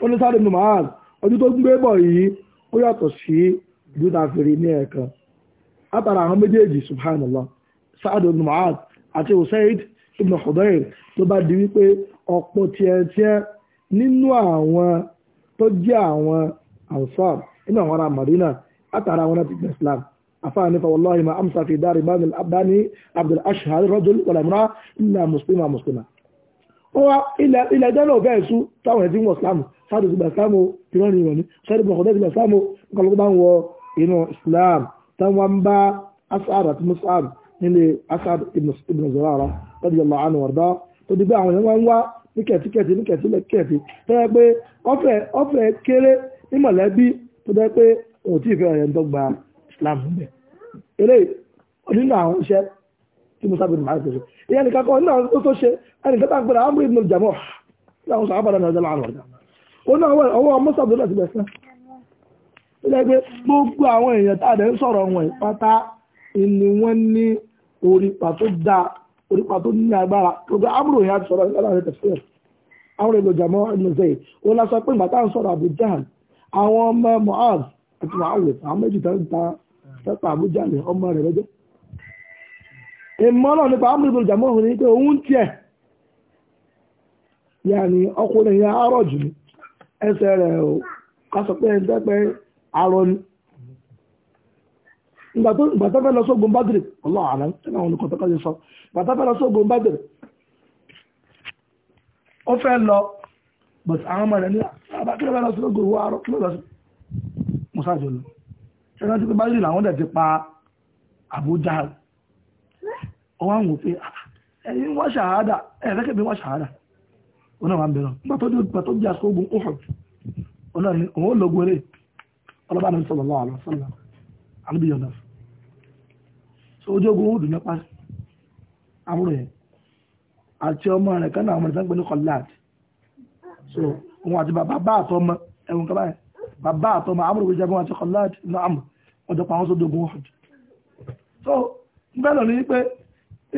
ó ní sáré ibn Mu'adh ojú tó gbé bọ̀ yìí ó yàtọ̀ sí ìlú tàfìrí ní ẹ̀ẹ̀kan látara àwọn méjèèjì subhanallah sáàdù ibn Mu'adh àti Usayd ibn Hudayr nínú àwọn tó jẹ́ àwọn ansar nínú àwọn ará Madina látara àwọn láti gba Islam afáà nípa wallahi ma amsa fi dárí bani Abdul Ashhar rajul wala imra illa muslima muslima ilẹ̀ ẹjọ́ náà bẹ́ẹ̀ sú táwọn ẹ̀sìn wọ̀ Islam sáàdù ti gbà Islam o ti rán ìwọ̀n ní sáàdù bọ̀kọ̀dẹ́ ti gbà Islam o kọlọ́kọ́ bá ń wọ inú Islam táwọn ń ní kẹ̀tíkẹ̀tì ní kẹ̀tíkẹ̀tì tó yẹ pé ọ̀fẹ́ ọ̀fẹ́ kéré ní mọ̀lẹ́bí tó yẹ pé òun tí ìfẹ́ rẹ̀ ń dọ́gba Islam bẹ̀. eré nínú àwọn iṣẹ́ tí mo sábẹ̀ máa ń tẹ̀sẹ̀ ìyá nìkan kan nínú àwọn tó ṣe ẹnìkan tá à ń pèrè àwọn ìbùnú ìjàmọ́ láwọn sọ àbára nàìjíríà àwọn ọ̀dà ó náà ọwọ́ mọ́sà abdullahi ti bẹ̀sẹ̀ ó jẹ́ pé gbogbo àwọn èèyàn orípa tó ní agbára tó gbé amúrò yẹn àti sọ̀rọ̀ ìgbàlá rẹ̀ tẹ̀síẹ̀ amúrò ìlú jàmọ́ ẹnu zayd ó sọ pé sọ̀rọ̀ Abu àwọn ọmọ Mu'az àti Mu'awiyah àwọn méjì tó ń ta Abu Jahl ọmọ rẹ̀ lọ́jọ́ ìmọ̀ràn nípa amúrò ìlú jàmọ́ ọ̀hún ni pé òun tiẹ̀ yàní ọkùnrin yẹn arọ̀ jù ní ẹsẹ̀ rẹ̀ o kásọ̀ pé ìgbà fẹ́ lọ sógun bádìrì ọlọ́run àlá àwọn olùkọ́ tọ́kọ́ lè sọ ìgbà fẹ́ lọ sógun bádìrì ó fẹ́ lọ but àwọn ọmọ rẹ̀ ní abákẹ́ lọ sógun owó arọ kí ló mọ́sáàjò lọ ṣe rántí pé bádìrì làwọn dẹ̀ ti pa àbújá ọ wá ń wò pé ah, ṣàhádà wà ń so ojú ogun ó dùn nípa àmúrò yẹn àti ọmọ rẹ̀ kan náà ọmọ rẹ̀ sánpẹ́ ní kọ̀láàd so òun àti bàbá àtọmọ ẹ̀wọ̀n kaba yẹn bàbá àtọmọ àmúrò gbé jagun àti kọ̀láàd ní àmù ọjọ́ pa àwọn sódò ogun ọ̀hún so bẹ́ẹ̀ lọ ní pé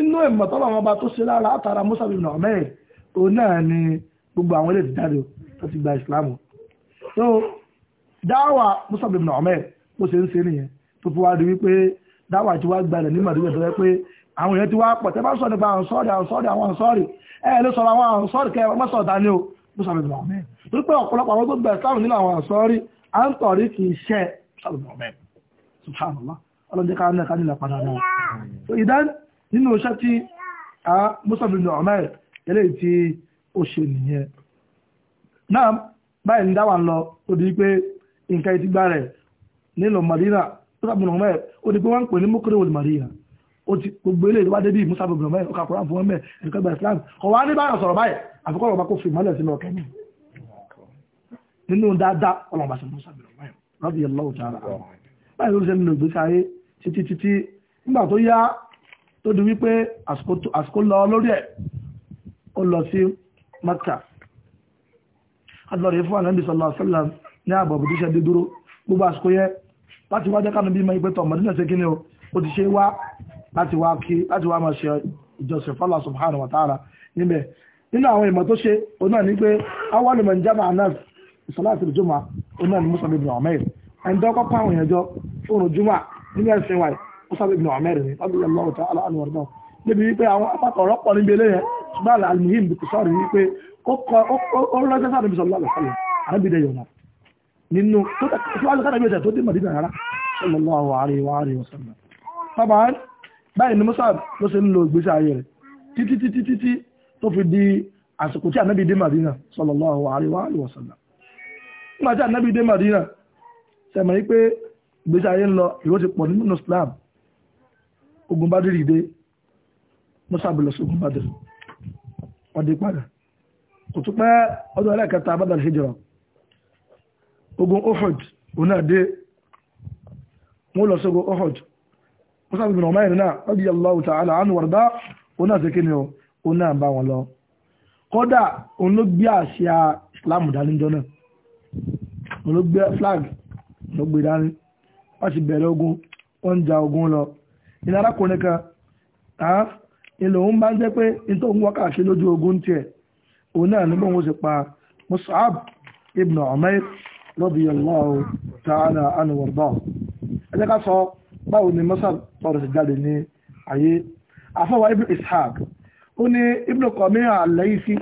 inú ìmọ̀ tọ́lọ̀ wọn bá tó ṣe lára àtàrà musa bíi nà ọ̀mẹ́ òun náà ni gbogbo àwọn ilé ìdájọ́ tó ti gba ìsìlámù so dáwà musa bíi nà ọ̀mẹ́ bó ṣe ń ṣe nìyẹn tó fi wá rí wípé dáwà tí wá gbalẹ̀ ní màdúgbò tó rẹ pé àwọn èèyàn ti wá pọ̀ tẹ́ bá sọ nípa àwọn sọ́ọ̀rì àwọn sọ́ọ̀rì àwọn sọ́ọ̀rì ẹ ló sọ àwọn àwọn sọ́ọ̀rì kẹ ọmọ sọ̀tà ni o ló sọ àbẹ̀bẹ̀ ọ̀mẹ́ torí pé ọ̀pọ̀lọpọ̀ àwọn gbogbo nínú àwọn sọ́ọ̀rì à ń tọ̀rí kì í a mùsàbẹ̀bẹ̀ ọ̀mẹ́ eléyìí mùsàbùnà ọmọ ẹ̀ ó di pé wọ́n ń pè ní mọ́kúrẹ́ wòlùmọ̀ rí ya ó ti gbogbo ilé ìwà débi mùsàbùnà ọmọ ẹ̀ ọkà kúrò fún ọmọ ẹ̀ ẹ̀kọ́ gba Islam kọ̀ wá ní báyọ̀ sọ̀rọ̀ báyìí àfikọ́ ọ̀rọ̀ bá kó fi mọ́lẹ̀ sínú ọ̀kẹ́ mi nínú dáadáa ọlọ́run bá ṣe mùsàbùnà ọmọ ẹ̀ rọ́bì yẹn lọ́wọ́ tààrà báyìí ló ṣe nínú ìgbésí ayé títí títí nígbà tó yá dídúró gbogbo àsìkò láti wá jẹ́kànú bí mọ́ ìpẹ́tọ̀ mọ̀dínà sí kíní o ti ṣe wá láti wá ṣe ìjọsìn fọ́lá subhanahu wa ta'ala níbẹ̀ nínú àwọn ìmọ̀ tó ṣe o náà ní pé awọ́lù mọ̀ jama anas ìsọláàtì ìjọmọ̀ o náà ní musa juma nínú tó alùkára bí ọjà tó dé Madina rárá sallallahu alaihi wa alihi wa sallam sábà báyìí ni Musa ló ṣe ń lo ìgbésí ayé rẹ̀ títí títí títí tó fi di àsìkò tí ànábì dé Madina sallallahu alaihi wa alihi wa sallam nígbà tí ànábì dé Madina sẹ̀mọ̀ yí pé Islam ogun Badiri dé Musa bẹ̀rẹ̀ sí ogun Badiri wọ́n dé padà kò tún pẹ́ ọdún ẹlẹ́kẹta Badal Hijra ogun ohud onáà dé wọ́n lọ sógun ohud wọ́n sábà bìnà ọmọ ìrìn náà radiyallahu ta'ala anhu warda onáà ni kíni o onáà bá wọn lọ kọdà òun ló gbé àṣà islam dání jọ náà òun ló gbé flag ló gbé dání sì ogun ń ogun lọ ìnà arákùnrin kan ìlò òun bá ń pé nítorí òun lójú ogun òun náà nígbà sì ibn رضي الله تعالى عنه وارضاه ẹjẹ́ ká sọ báwo ni masar tọrọ sí jáde ní ayé afọwà ibn ishaq ó ní ibn kọmí aláìsí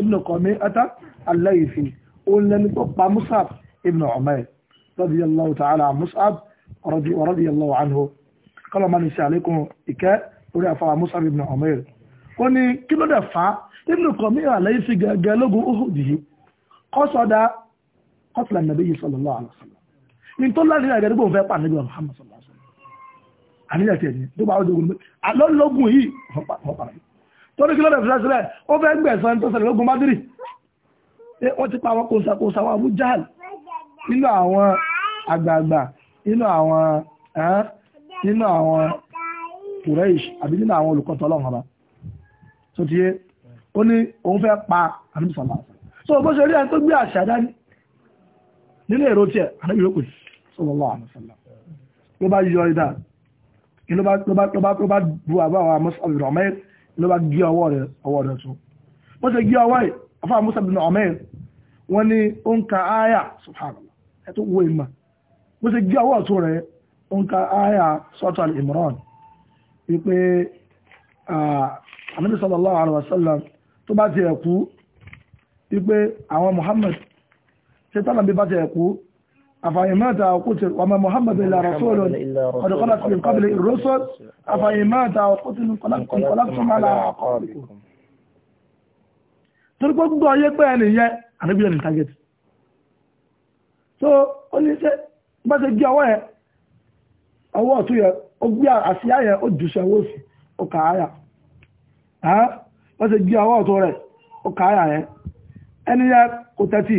ibn kọmí ata aláìsí ó lẹ́ni tó pa musab ibn umair رضي الله تعالى عن مصعب ورضي الله عنه قال ما نسي عليكم إكاء orí àfàwà Mus'ab ibn Umair ó ní kí ló dẹ̀ fà á nínú kan mìíràn lẹ́yìn lógún òhùdì yìí kọ́ sọ́dá kọ́tùlà nàbí yìí sọ̀lọ̀ lọ́wọ́ àlọ́sọ̀lọ̀ ní tó láti rẹ̀ gẹ́gẹ́ bó ń fẹ́ pa níbi Muhammad sọ̀lọ̀ sọ̀lọ̀ àníyàn tiẹ̀ ní tó bá wọ́n dogun alọ́lọ́gùn yìí wọ́n pa rẹ̀ torí kí ló dẹ̀ fi sẹ́sílẹ̀ ó fẹ́ gbẹ̀sán tó ṣẹlẹ̀ lógun Badiri pé wọ́n ti pa àwọn kòsàkòsà wa Abu Jahl nínú àwọn àgbààgbà nínú àwọn nínú àwọn Quraysh àbí nínú àwọn olùkọ́tọ̀ ọlọ́run ọba tó ti yé ó ní òun fẹ́ pa àdúgbò sọ̀lá so bó ṣe rí ẹni tó gbé àṣà dání nínú èrò tí ẹ̀ anábì lókùn sallallahu alaihi wasallam ló bá yọ ìdá ló bá bu àbá àwọn amúsàbí ọmọ ló bá gé ọwọ́ rẹ̀ ọwọ́ rẹ̀ tún wọ́n ṣe gé ọwọ́ ẹ̀ afọ́ amúsàbí ọmọ wọn ni ó ń ka áyà subhanallah ẹ̀ tó wọ ìmọ̀ wọ́n ṣe gé ọwọ́ tún rẹ̀ ó ń ka áyà sọ́tọ̀ Al-Imran wípé anábì sallallahu alaihi wasallam tó bá ti ẹ̀kú wípé àwọn Muhammad ṣetán àbí bá ti ẹ̀kú àfàyèmáta ọkùtìl wàmà Muhammad ilẹ̀ rasúlù ọdọ̀kọ́lá ti kọ́bìlì ìrọ́sọ́ àfàyèmáta ọkùtìl kọlákùnmọ́lá ọkọ̀ọ̀kọ̀ torí pé gbogbo ọyẹ́ pẹ́ ẹnìyẹn àdébíyẹ̀ ní target so ó ní ṣe bá ṣe gbé ọwọ́ ẹ̀ ọwọ́ ọ̀tún yẹ ó gbé àṣíyá yẹ ó jù ṣẹwọ́ sí ó kà áyà bá ṣe gbé ọwọ́ ọ̀tún rẹ̀ ó kà áyà yẹ ẹnìyẹn kò tẹ́tì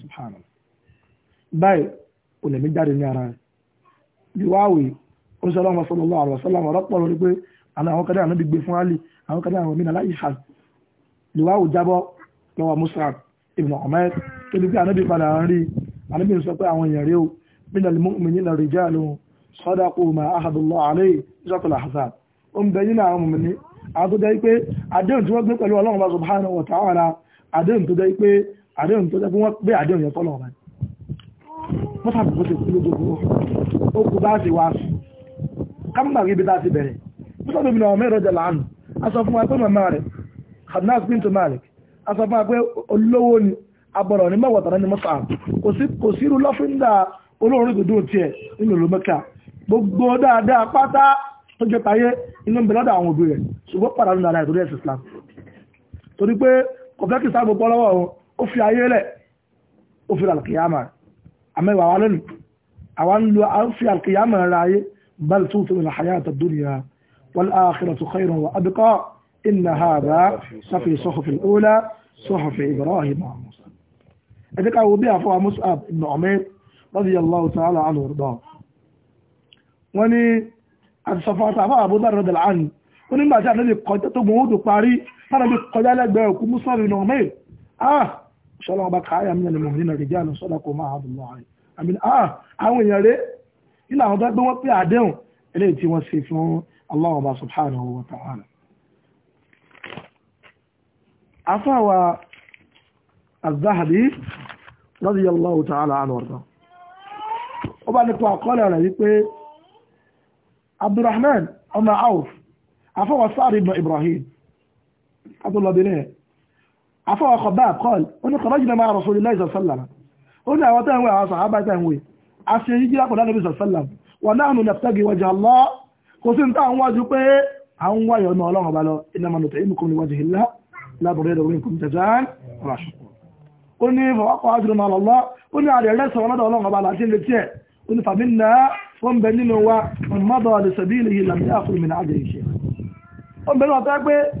subhanallah báyìí olè mi jáde ní ara rẹ̀ bí wáwì ó sọ lọ́wọ́ sallallahu alaihi wasallam ọ̀rọ̀pọ̀ lórí pé àwọn kẹdẹ́ àwọn gbígbé fún Ali àwọn kẹdẹ́ àwọn mìíràn láyé ṣáà lè wáwì jábọ́ lọ́wọ́ Mus'ab ibn Umair tó bí pé ànábì padà ń rí ànábì sọ pé àwọn èèyàn rí o min al-mu'minina rijalun sadaqu ma ahadullah alayhi zọ́tọ̀lá hasan ó ń bẹ nínú àwọn mùmìnì àwọn tó dẹ́ pé àdéhùn tí wọ́n gbé pẹ̀lú Ọlọ́run subhanahu wa ta'ala àdéhùn tó dẹ́ pé àdéhùn tó jẹ́ wọ́n gbé àdéhùn yẹn fọ́lọ̀ ọ̀bá wọ́n sàbò bó ṣe kú lójoojú ó kú bá ṣe wá sùn kámbàrí ibi tá ti bẹ̀rẹ̀ bí sọ́dọ̀ ìbìnà ọmọ ìrọ̀jẹ̀ láàánú a sọ fún wa pé màmá rẹ̀ Khanas bint Malik a sọ fún wa pé olówó ni abọ̀rọ̀ ní mọ̀wọ̀tàrà ni mọ́sà kò sí irú lọ́fíńdà olóorin dòdò tiẹ̀ nínú ìlú Mẹ́kà gbogbo dáadáa pátá tó jẹ́ tayé inú ń bẹ lọ́dọ̀ àwọn òbí rẹ̀ ṣùgbọ́n padà nínú ara ìtòrí ẹ̀sìn Islam torí pé kò fẹ́ kí sáà gbogbo ọlọ́wọ́ ó fi ayé lẹ̀ ó fi alkiyama àmọ́ ìwà wa lónìí àwa ń lo àwọn fi alkiyama rẹ̀ ayé bal tó tó ìrìn àyà àtàdó nìyà wal akhiratu khayrun wa abqa inna hadha safi wọ́n ní àti sọfọ́ kọjá tó gbọ́n ó dò parí tánàbí kọjá lẹ́gbẹ̀ẹ́ òkú musa ibn umair ah sọ́lọ́ ọba káyà mílẹ̀ lọ́mọ nínú rẹ̀ jáàlù sọ́dọ̀ kò máa hàdùn lọ́wọ́ rẹ̀ àmì ah àwọn èèyàn rẹ̀ nínú àwọn tó gbé wọ́n pé àdéhùn eléyìí tí wọ́n ṣe fún Allah ọba subhanahu wa ta'ala. afáwa az-Zahabi radiyallahu ta'ala anhu ọ̀rọ̀ ó bá nípa àkọọ́lẹ̀ rẹ̀ wípé Abdurrahman ọmọ Auf afáwa Sa'd ibn Ibrahim abdullahi afọwọ́ kọ̀báàb kọ́ọ̀lù ó ní kọ̀rọ́jìnà máa rọ̀sọ̀rọ̀ ilẹ̀ ìsọ̀sọ́làmù ó ní àwọn tẹ́wọ̀n àwọn sàhábà tẹ́wọ̀n a ṣe yí jíra pẹ̀lú ìsọ̀sọ́làmù wọ́n náà nù nàftẹ́gì wajha Allah kò sí ní táwọn wájú pé àwọn wáyọ̀ ọ̀nà ọlọ́run balọ̀ iná mọ̀ nùtẹ̀ ìmùkùn ní wajhi Allah lábùrẹ́ ìdọ̀rọ̀ ìkùn jazaan raṣù ó ní fọwọ́kọ̀ ájúrò máa lọ́lọ́ ó ní àrẹ̀ rẹ̀ sọ̀rọ̀ lọ́dọ̀ ọlọ́run balọ̀ àti ilé tiẹ̀ ó ní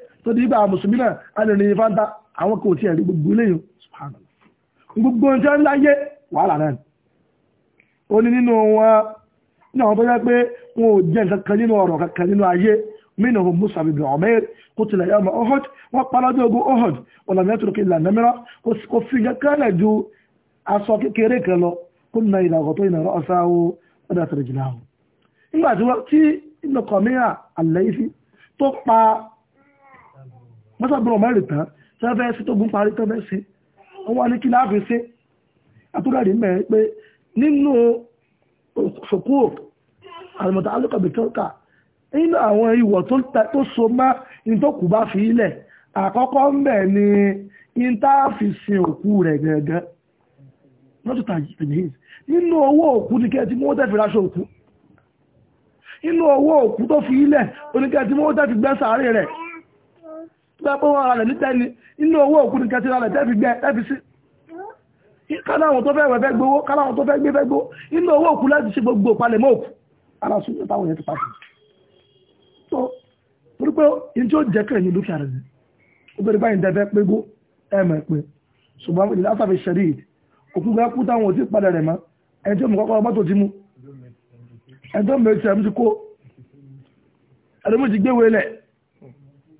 tó di ibà mùsùlùmí náà a lè rìn fanta àwọn kò tiẹ̀ rí gbogbo eléyìí subhanallah gbogbo ohun tí wọ́n ń láyé wàhálà náà ó ní nínú wọn ní àwọn tó pé wọn ò jẹ́ nǹkan nínú ọ̀rọ̀ kankan nínú ayé منهم مصعب بن عمير قتل يوم أحد وقال دوغو أحد ولم يترك إلا النمرة وفي كان fi أصوك كريك له قلنا إذا mọ́sàbọ̀rọ̀ má rè tán tí wọ́n fẹ́ sí tó gún parí tó fẹ́ sí wọ́n wá ní kí láàfin sí àtúrẹ́rì mẹ́rin pé nínú ṣòkú àlùmọ̀tà alùkọ̀bìtọ́kà nínú àwọn ìwọ̀ tó so má ní tó kù bá fi ilẹ̀ àkọ́kọ́ ń bẹ̀ ni intáàfìsìn òkú rẹ̀ gẹ̀gẹ́ lọ́tọ̀ tàyíṣ nínú owó òkú ní kẹ́ẹ̀tí mọ́ tẹ́fì ráṣọ òkú nínú owó òkú tó fi ilẹ̀ oníkẹ́ẹ̀tí mọ́ tẹ́fì gbẹ́sàárẹ̀ rẹ̀ bá pé wọ́n rẹ̀ níta ni inú owó òkú ní kẹtí rẹ̀ tẹ́fi gbẹ tẹ́fi sí káláwọn tó fẹ́ wẹ̀ fẹ́ gbowó káláwọn tó fẹ́ gbé fẹ́ gbowó inú owó òkú láti ṣe gbogbo palẹ̀ mọ́ òkú tí ó mú kọ́kọ́ kó ẹni mú ti gbé wẹ́lẹ̀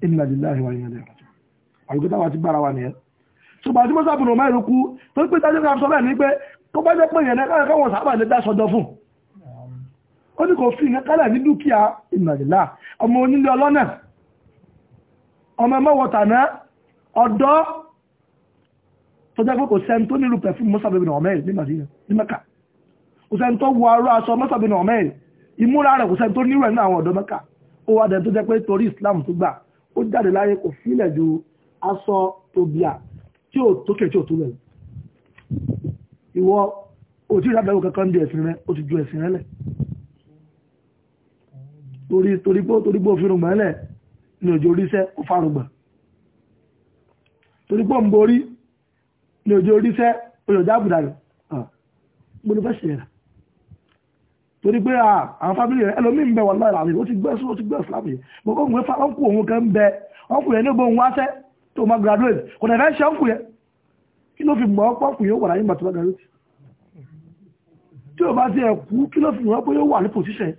inna lillahi wa inna ilaihi raji'un àgbẹ̀gbẹ̀ táwọn ti gbára wa nìyẹn ṣùgbọ́n àti mọ́sáàbù nù máìlú kú tó ń pè tájú ká sọ bẹ́ẹ̀ ni pé tó bá jẹ́ pé yẹn náà káwọn sábà lè dá sọdọ fún ó ní kò fi ìyẹn kálẹ̀ ní dúkìá inna lillahi ọmọ onílé ọlọ́nà ọmọ mẹ́wọ̀tà náà ọ̀dọ́ tó jẹ́ pé kò sẹ́ni tó nílùú pẹ̀fún mọ́sáàbù nù ọ̀mẹ́rì ní màdínà ní mẹ́kà kò sẹ́ni tó wọ aró aṣọ mọ́sáàbù nù ọ̀mẹ́rì ìmúra rẹ̀ kò sẹ́ni tó nírú ẹ̀ ní àwọn ọ̀dọ́ mẹ́kà ó wá dẹ̀ tó jẹ́ pé torí Islam tó gbà ó jáde láyé kò fílẹ̀ ju aṣọ tó bíà tí ó tókè tí ó tó lẹ̀lẹ̀ ìwọ òtí ìdábẹ̀wò kankan di ẹ̀sìn rẹ ó ti ju ẹ̀sìn rẹ lẹ̀ torí torí pé torí pé òfin ògbà ẹlẹ̀ ní òjò oríṣẹ́ ó fárùgbà torí pé òǹborí ah, ní òjò oríṣẹ́ ó yọjá àbùdá torí pé àwọn fábílì rẹ̀ ẹlòmí ń bẹ wà láìra àmì ó ti gbẹ́sùn ó ti gbẹ́sùn láàmì gbogbo òun fa ọkù òun kan bẹ ọkù yẹn ní gbogbo òun wáṣẹ́ tó máa graduate kò dẹ̀ ṣe ọkù yẹn kí ló fi mọ̀ ọ́ pọ́kù yóò wà láyé ìgbà bá graduate tí ò bá ti ẹ̀ kí ló fi mọ̀ ọ́ yóò wà ní position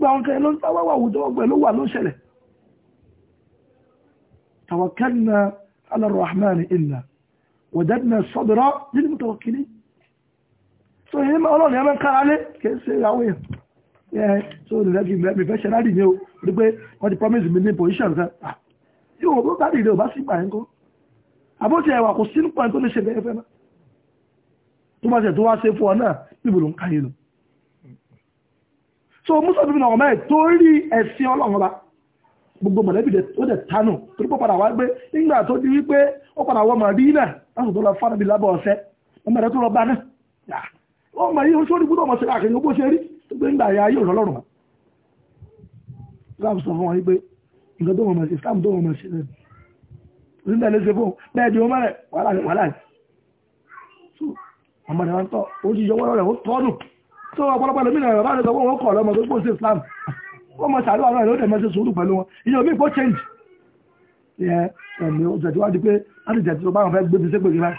ló ń wà ọgbẹ ló wà ló inna wajadna sadra lil mutawakkilin so yìí ọlọ́run yẹn mẹ́ kára lé kìí ṣe ìyàwó yẹn yẹ so lẹ́bi mi fẹ́ ṣẹlárì ni o rí pé wọ́n ti promise mi ní position kan ah, yóò bó bá dìde ò bá sí gbàyẹn kó àbótí ẹwà kò sí nípa tó lè ṣe bẹ́ẹ̀ fẹ́ náà tó bá ṣe tó wá ṣe fún ọ náà níbo ló ń káyé lọ so musa bíbí náà ọmọ ẹ tó rí ẹsìn ọlọ́run ọba gbogbo mọ̀lẹ́bí ó dẹ̀ tánù torí pọ́ padà wá gbé nígbà tó di wípé ó padà wọ mọ̀lẹ́bí náà láti tó lọ fún àbí lábọ̀ ọ̀sẹ̀ ọmọ rẹ̀ tó lọ bá náà ó mọ̀ yí oṣooṣi gbúdọ̀ mọ̀ sí àkìyàn ó bó ṣe rí gbé ńlá ayé ayé òṣọlọ́run wa islam sọ fún wọn yí pé nǹkan tó wọn mọ̀ sí islam tó wọn mọ̀ sí rẹ̀ onílẹ̀ lè ṣe fún bẹ́ẹ̀ di wọn mọ̀rẹ̀ wàhálà ní wàhálà so ọmọ rẹ̀ wọn tọ́ ó sì yọwọ́ rẹ̀ ó tọ́nù tó ọ̀pọ̀lọpọ̀ lómìnà rẹ̀ bá rẹ̀ sọ fún wọn kọ̀ lọ́mọ tó gbó sí islam wọ́n mọ̀ sàárẹ̀ ọ̀rọ̀ rẹ̀ ó dẹ̀ mọ́ sí sùúrù pẹ̀lú wọn ìyẹn omi kò change ẹ̀mí ó jẹ̀dí wá di pé láti jẹ̀dí tó bá wọn fẹ́ gbé fi ṣépè rí rẹ̀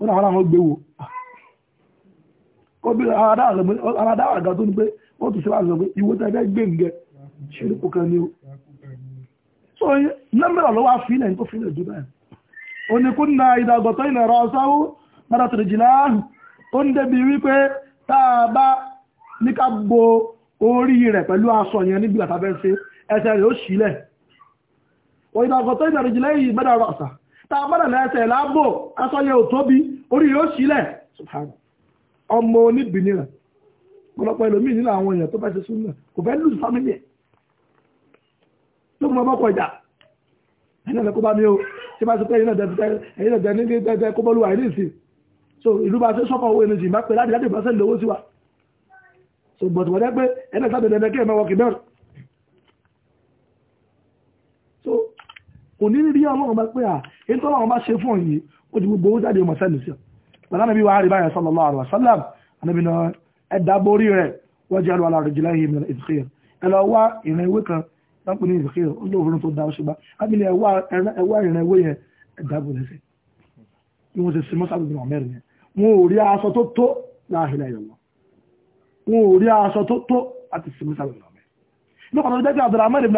ó náà wọn làwọn gbé wo obìnrin aládáwà gan tó ní pé ó tún síwájú sọ pé ìwé so nọ́mbẹ̀rẹ̀ ló wá fílẹ̀ tó fílẹ̀ jù báyìí na ìdàgbọ̀tọ́ ìnà ẹ̀rọ ọ̀sáwó mọ́ra tìrìjìlá ó ń débi bo orí rẹ̀ pẹ̀lú aṣọ yẹn níbi àtàbẹ́ ṣe ẹsẹ̀ rẹ̀ ó ṣílẹ̀ o ìdàgbọ̀tọ́ ìnà ìrìjìlá yìí mẹ́ra ọ̀sà tá a bá dà aṣọ yẹn ò tóbi orí rẹ̀ ṣílẹ̀ ọmọ oníbìnira pọ̀lọpọ̀ ẹlòmíì nínú àwọn èèyàn tó bá ṣe súnmọ́ kò fẹ́ lùsù fámìlì ẹ̀ tó mọ ọmọkọ ìjà ẹni ọ̀nà kó bá mi o tí bá ṣe pé ẹ̀yin náà dẹ̀ ní dẹ̀ kó bọ́lú àìní ìsìn so ìlú bá ṣe sọ́kọ̀ owó ẹni sì má pé láti láti bá ṣe lówó sí wa so bọ̀tù wọ́n jẹ́ pé ẹni sábẹ̀ dẹ̀ kí ẹ̀ máa wọkì bẹ́ẹ̀ so kò ní rí ọlọ́run bá pé à èyí tó ọlọ́run bá ṣe fún ọ̀yìn ó bàtà nàbí wàá rí báyìí sallallahu alaihi wasallam ànábì náà ẹ dábórí rẹ̀ wọ́n jẹ́ àlọ́ àrùjìlá yìí mi ìdíkìr ẹ lọ wá ìrìn ìwé kan lápò ní ìdíkìr ó ló òfin tó da oṣù bá ábílẹ̀ ẹ wá ìrìn ìwé yẹn ẹ dábò lẹ́sẹ̀ bí wọ́n ti sin mọ́sáàbù ò rí aṣọ tó tó láàhìlá ìyọ̀wọ́ wọn ò rí aṣọ tó tó àti sin mọ́sáàbù bí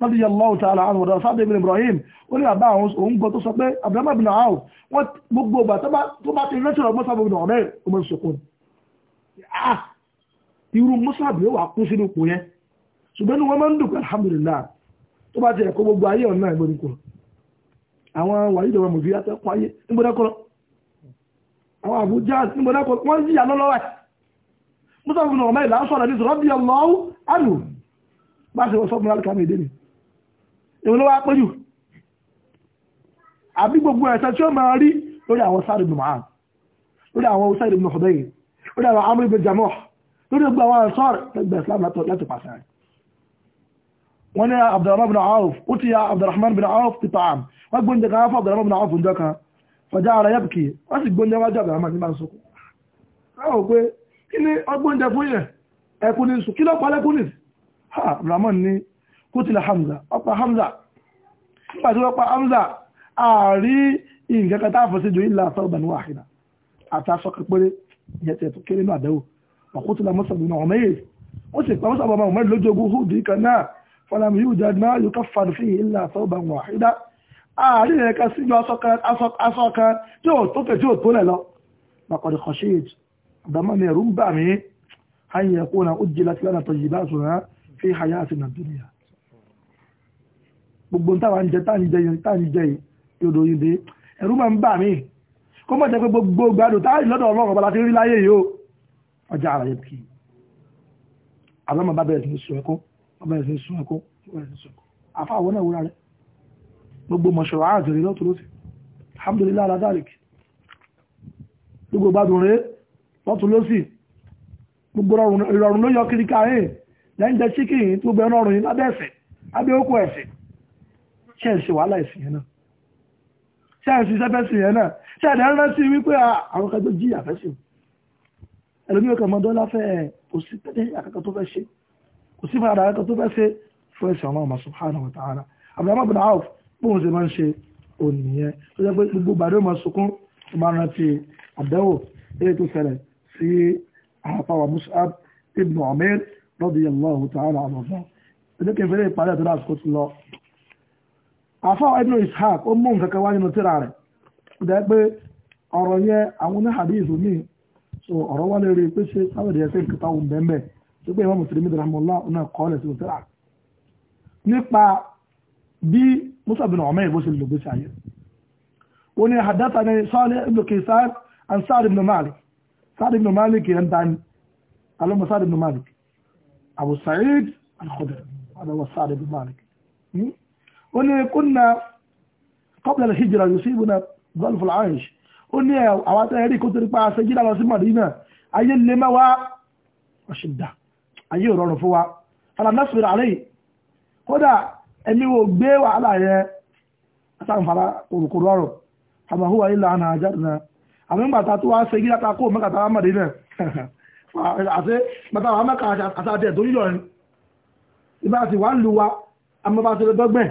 lọ́dún yẹ lọ́wọ́ tààlà àwọn ọ̀dọ́ sáà david ibrahim ó ní bàbá àwọn òun gbọ́ tó sọ pé abdulhamid bin aw wọ́n gbogbo ìgbà tó bá ti rántí ọ̀gbọ́n sábà bin ọ̀rẹ́ ọmọ ìṣòkun irú mọ́sáàbì yóò wà kú sínú ipò yẹn ṣùgbọ́n ní wọ́n máa ń dùn alhamdulillah tó bá ti ẹ̀kọ́ gbogbo ayé ọ̀nà ìgbòdìkọ̀ àwọn wàyí ìjọba mọ̀fí atẹ́kọ̀ ayé nígbòdàkọ̀rọ̀ àwọn àbújá nígbòdàkọ̀rọ̀ wọ́n yíyà lọ́lọ́wà mọ́sáàbì náà ọmọ ìlà sọ̀rọ̀ ní sọ̀rọ̀ bí ọlọ́wọ́ àlù bá ṣe wọ́n sọ́kùnrin èwo ló wá pé jù àbí gbogbo ẹ̀sẹ̀ tí ó máa rí lórí àwọn sáré ibn Mu'adh lórí àwọn ọ̀sá ibn Hudayr lórí àwọn Amr ibn Jamuh lórí gbogbo àwọn ansar ẹgbẹ́ Islam láti pàṣẹ rẹ̀ wọ́n ní Abdurrahman bin Auf ó ti ya Abdurrahman bin Auf ti ta'am wọ́n gbóúnjẹ kan fún Abdurrahman bin Auf ń jọ kan fọjá ara yẹ́bùkì wọ́n sì gbóúnjẹ wájú ni kútìlá hamza ọpa hamza nígbà tí wọ́n pa hamza ààrí nǹkan kan táàfọ́ sí ju ilà sọ́ọ̀bàn wàhídà àti aṣọ kan péré ìyẹn tẹ̀ tó kéré ní àdẹ́wò ọ̀kútìlá mọ́sàbí náà ọmọ yìí ó sì pa mọ́sàbí ọmọ mẹ́rin lójú ogun húdì kan náà fọlámi yóò jẹ́ náà yóò kọ́ fàdù fi ilà sọ́ọ̀bàn wàhídà ààrí rẹ̀ kan síjú aṣọ kan tí ò tó yìí bá sùn fi hayá àti nàìjíríà gbogbo táwa ń jẹ táǹjẹ yẹn táǹjẹ yìí yòdò yìí ẹ̀rú máa ń bà mí kó mọ̀ jẹ́ pé gbogbo gbádùn táàrí lọ́dọ̀ ọlọ́run ọba láti rí láyé yìí ó ọjà ara yẹn kì í àlọ́mọ bá bẹ̀rẹ̀ sí ń sun alhamdulillah aladarik gbogbo gbádùn rẹ̀ lọ́tọ̀ lọ́sẹ̀ gbogbo ìrọ̀rùn ló yọ kiri káyé lẹ́yìn jẹ́ chicken gbogbo ẹ̀rọ̀rùn yìí lábẹ́ ẹ̀sẹ̀ lábẹ́ òkú ẹ̀sẹ̀ ṣe ń ṣe wàhálà ìsìn yẹn náà ṣe ń ṣiṣẹ́ fẹ́sìn yẹn náà ṣe ẹ̀dẹ̀ ń rántí wípé àwọn kan tó jí àfẹ́sìn ẹlòmí ọkọ̀ ọmọdé láfẹ́ kò sí tẹ́lẹ̀ àkọ́kọ́ tó fẹ́ ṣe kò sí fàdà àkọ́kọ́ tó fẹ́ ṣe fún ẹ̀sìn ọlọ́run masu hàn àwọn tààrà Abdulrahman bin Auf bóun ṣe máa ń ṣe ònìyẹn tó jẹ́ pé gbogbo bàdé máa sunkún tó máa rántí àdánwò èyí tó ṣẹlẹ̀ sí àpáwà Mus'ab ibn Umair radiyallahu ta'ala anhu ọ̀dọ́ ẹ̀dẹ́kẹ̀fẹ́lẹ́ ìparí àtọ́lá àsìkò ti lọ àfọ́ ibn ishaq ó mú nǹkan kan wá nínú tíra rẹ̀ dẹ́ pé ọ̀rọ̀ yẹn àwọn ní hadith mi so ọ̀rọ̀ wá lérí pé ṣe sáwọ́dì ẹsẹ̀ nǹkan táwọn bẹ́ẹ̀ bẹ́ẹ̀ tó pé ìmọ̀ mùsùlùmí dara mọ́lá ọ̀nà kọ́ọ̀lẹ̀ sí tíra nípa bí musa bin ọmọ ìbó ṣe lò gbé ṣayé ó ní hadata ni sọ́ọ̀lẹ̀ ibn kisar and sa'ad ibn malik sa'ad ibn malik yẹn dání alọ́mọ sa'ad ibn malik abu sa'id al-khudri abu sa'ad ibn malik hmm? ó ní kúnnà kọ́pìlẹ̀ hijira yóò sí ìbúná gọ́ọ̀lùfù láàrín ó ní àwọn atẹ́rẹ́rí kó torí pa aṣẹ jíra lọ sí Madina ayé lè má wá ọ̀ṣìdà ayé ò rọrùn fún wa falanásùrù àlẹ́ kódà ẹni wo gbé wàhálà yẹn sáǹfàrà òrùkú rọrùn àmàhúwa ilà àná àjárìnà àmì ìgbàta tó wá ṣe gíra takó mẹ́kàtà wá Madina àti mẹ́ta wá mẹ́kà àti àti àti ẹ̀dọ́ yíyọ̀ ni ìbá ti wá ń lu wa àmọ́ bá ti lọ dọ́gbẹ̀ẹ́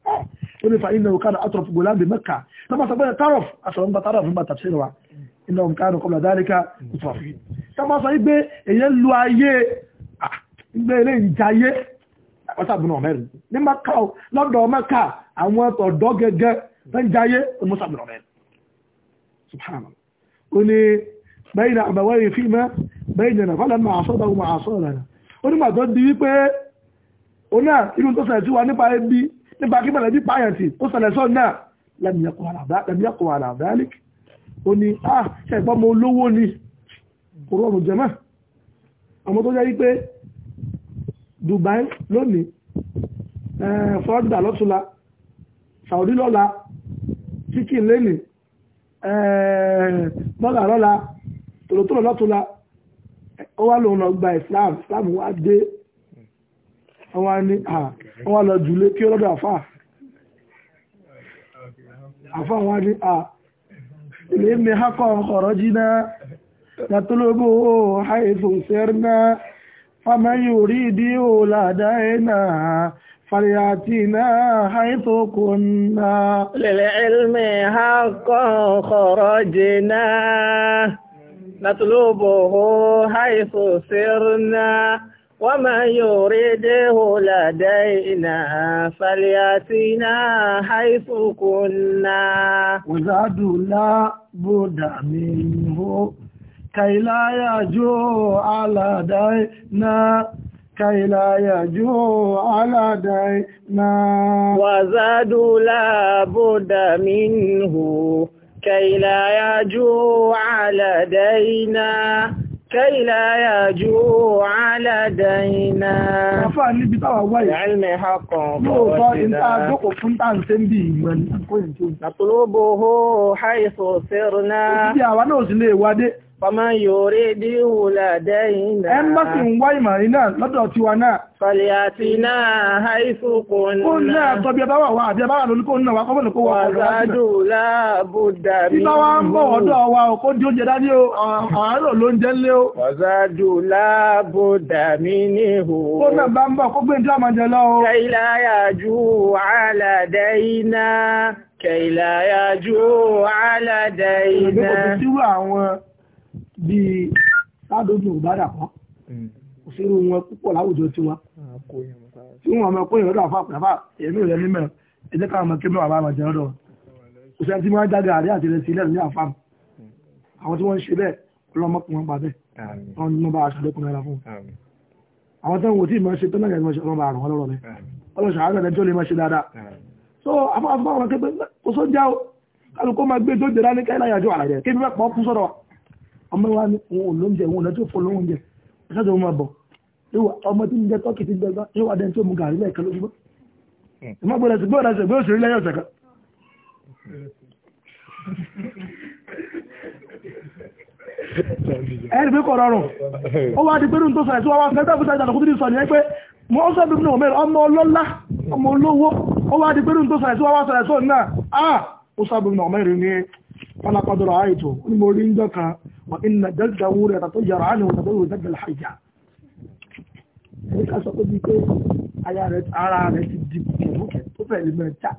ó ní fa iná òkàdà atọ̀f gòláńdì mẹ́ka lọ́pàá sọ pé tarọ̀f àṣọ̀rọ̀ ń bá tarọ̀f ń bá tàbí wa iná òkàdà kọlọ̀ dáríkà ìtọ̀fì tọ́pàá sọ pé èyàn lu ayé gbé ilé ìjayé ọ̀sàbùnà mẹ́rin ní mẹ́ka lọ́dọ̀ mẹ́ka àwọn ọ̀dọ́ gẹ́gẹ́ tó ń jayé ọmọsàbùnà mẹ́rin subhanallah ó ní bẹ́yìn àbẹ̀wẹ́ ìfìmẹ́ bẹ́yìn nàfàlẹ́ máa sọ́dọ̀ máa sọ́dọ̀ ó ní màtọ́ di wípé ó náà tó sẹ̀ sí wa nípa ẹbí nípa kí mọ̀lẹ́bí pààyàn tì ó ṣẹlẹ̀ sọ náà lẹ́mìíyàkọ̀ àlàbálík ó ní à ah, ṣe ìpọ́ mọ olówó ni kò rọrùn jẹ́mọ́ àwọn tó jẹ́ wípé Dubai lónìí eh, fọ́ọ̀dà lọ́túnla Saudi lọ́la chicken lẹ́nìí eh, bọ́gà lọ́la tòlótòló lọ́túnla ó wá lòun lọ gba Islam Islam wá dé wọ́n ní à ah, wọ́n lọ jùlé kí ọlọ́dọ̀ àfà àfà wọn ní à ilé mi hákọ̀ ọ̀rọ̀ jiná nàtólógó àìsùn sẹ́rìnà fàmẹ́yìn orí ìdí òlàdá ẹ̀nà فلياتينا حيث كنا للعلم حقا خرجنا ومن يريده لدينا فلياتينا حيث كنا وزاد لا بد منه كي لا على دينا كي لا على دينا وزاد لا بد منه كي لا على دينا كي لا يجوع على دينا àfáà níbi táwà wáyé ìrìnlẹ̀ ìhàkọ̀ lóòtọ́ ìta àjókò fún tàǹtẹ́ ń bí ìgbẹ̀ ní àkóyìn tó ń tàtòlóbò ó háìsò sẹ́rùn náà Fọmọ yóò rí díhù ládẹ́yìn náà. Ẹn bá sì ń wá ìmàrí náà lọ́dọ̀ tiwa náà. Fàlẹ̀ àti náà haifukun náà. Kó náà tọ́ bí ẹbáwà wá àbí ẹbáwà lórí náà wá kọ́bọ̀lù kó wà ọ̀dọ̀ wá. Wàzádù láàbù dàbí. Bíbá wá wa ò kó di oúnjẹ dání o, o. Wàzádù láàbù dàmí ní ihò. Kó náà bá ń bọ̀ kó gbé bí sádójú ìbádà kan hmm. òṣèré wọn púpọ̀ láwùjọ tí wọn tí wọn mọ̀ pé ìrọ́dọ̀ àfàpàfà èmi rẹ̀ mímọ̀ ẹjẹ́ káwọn ọmọ kébí wàbá àmàjẹ́ ọ̀dọ̀ òṣèré tí wọ́n jáde àrí àti ìrẹsì ilẹ̀ ní àfàm hmm. àwọn tí wọ́n ń ṣe bẹ́ẹ̀ ọlọ́mọkùn wọn pàdé wọn ní wọn bá aṣọ lẹ́kùn náírà fún àwọn tó ń wò tí ìmọ̀ ṣe tó náà yẹn wọn bá àrùn so afọ́fọ́ àwọn akẹ́gbẹ́ kò só já o kálukó máa gbé tó jẹ́ dání káyọ̀ àjọ àlàyé kébí mẹ́pọ̀ ọmọ wa ní òun ò lóúnjẹ òun lọ́jọ́ fún olóúnjẹ ìṣàjọ ọmọ bọ̀ ọmọ tí ń jẹ tọ́kì ti gbẹgbá yóò wá dẹni tó mu gàrí lẹ́ẹ̀kan lójúmọ́ ìmọ̀ gbọ́dọ̀ sí gbọ́dọ̀ sí gbọ́dọ̀ sí lẹ́yìn ọ̀sẹ̀ kan. rọrùn ó wá di pé sọ̀rọ̀ wá fẹ́ tẹ́ وإن دل دور يتطير عنه ودل دل الحجة هذا سأقول لك أيا رت أرى رت الدب ممكن تفعل من التع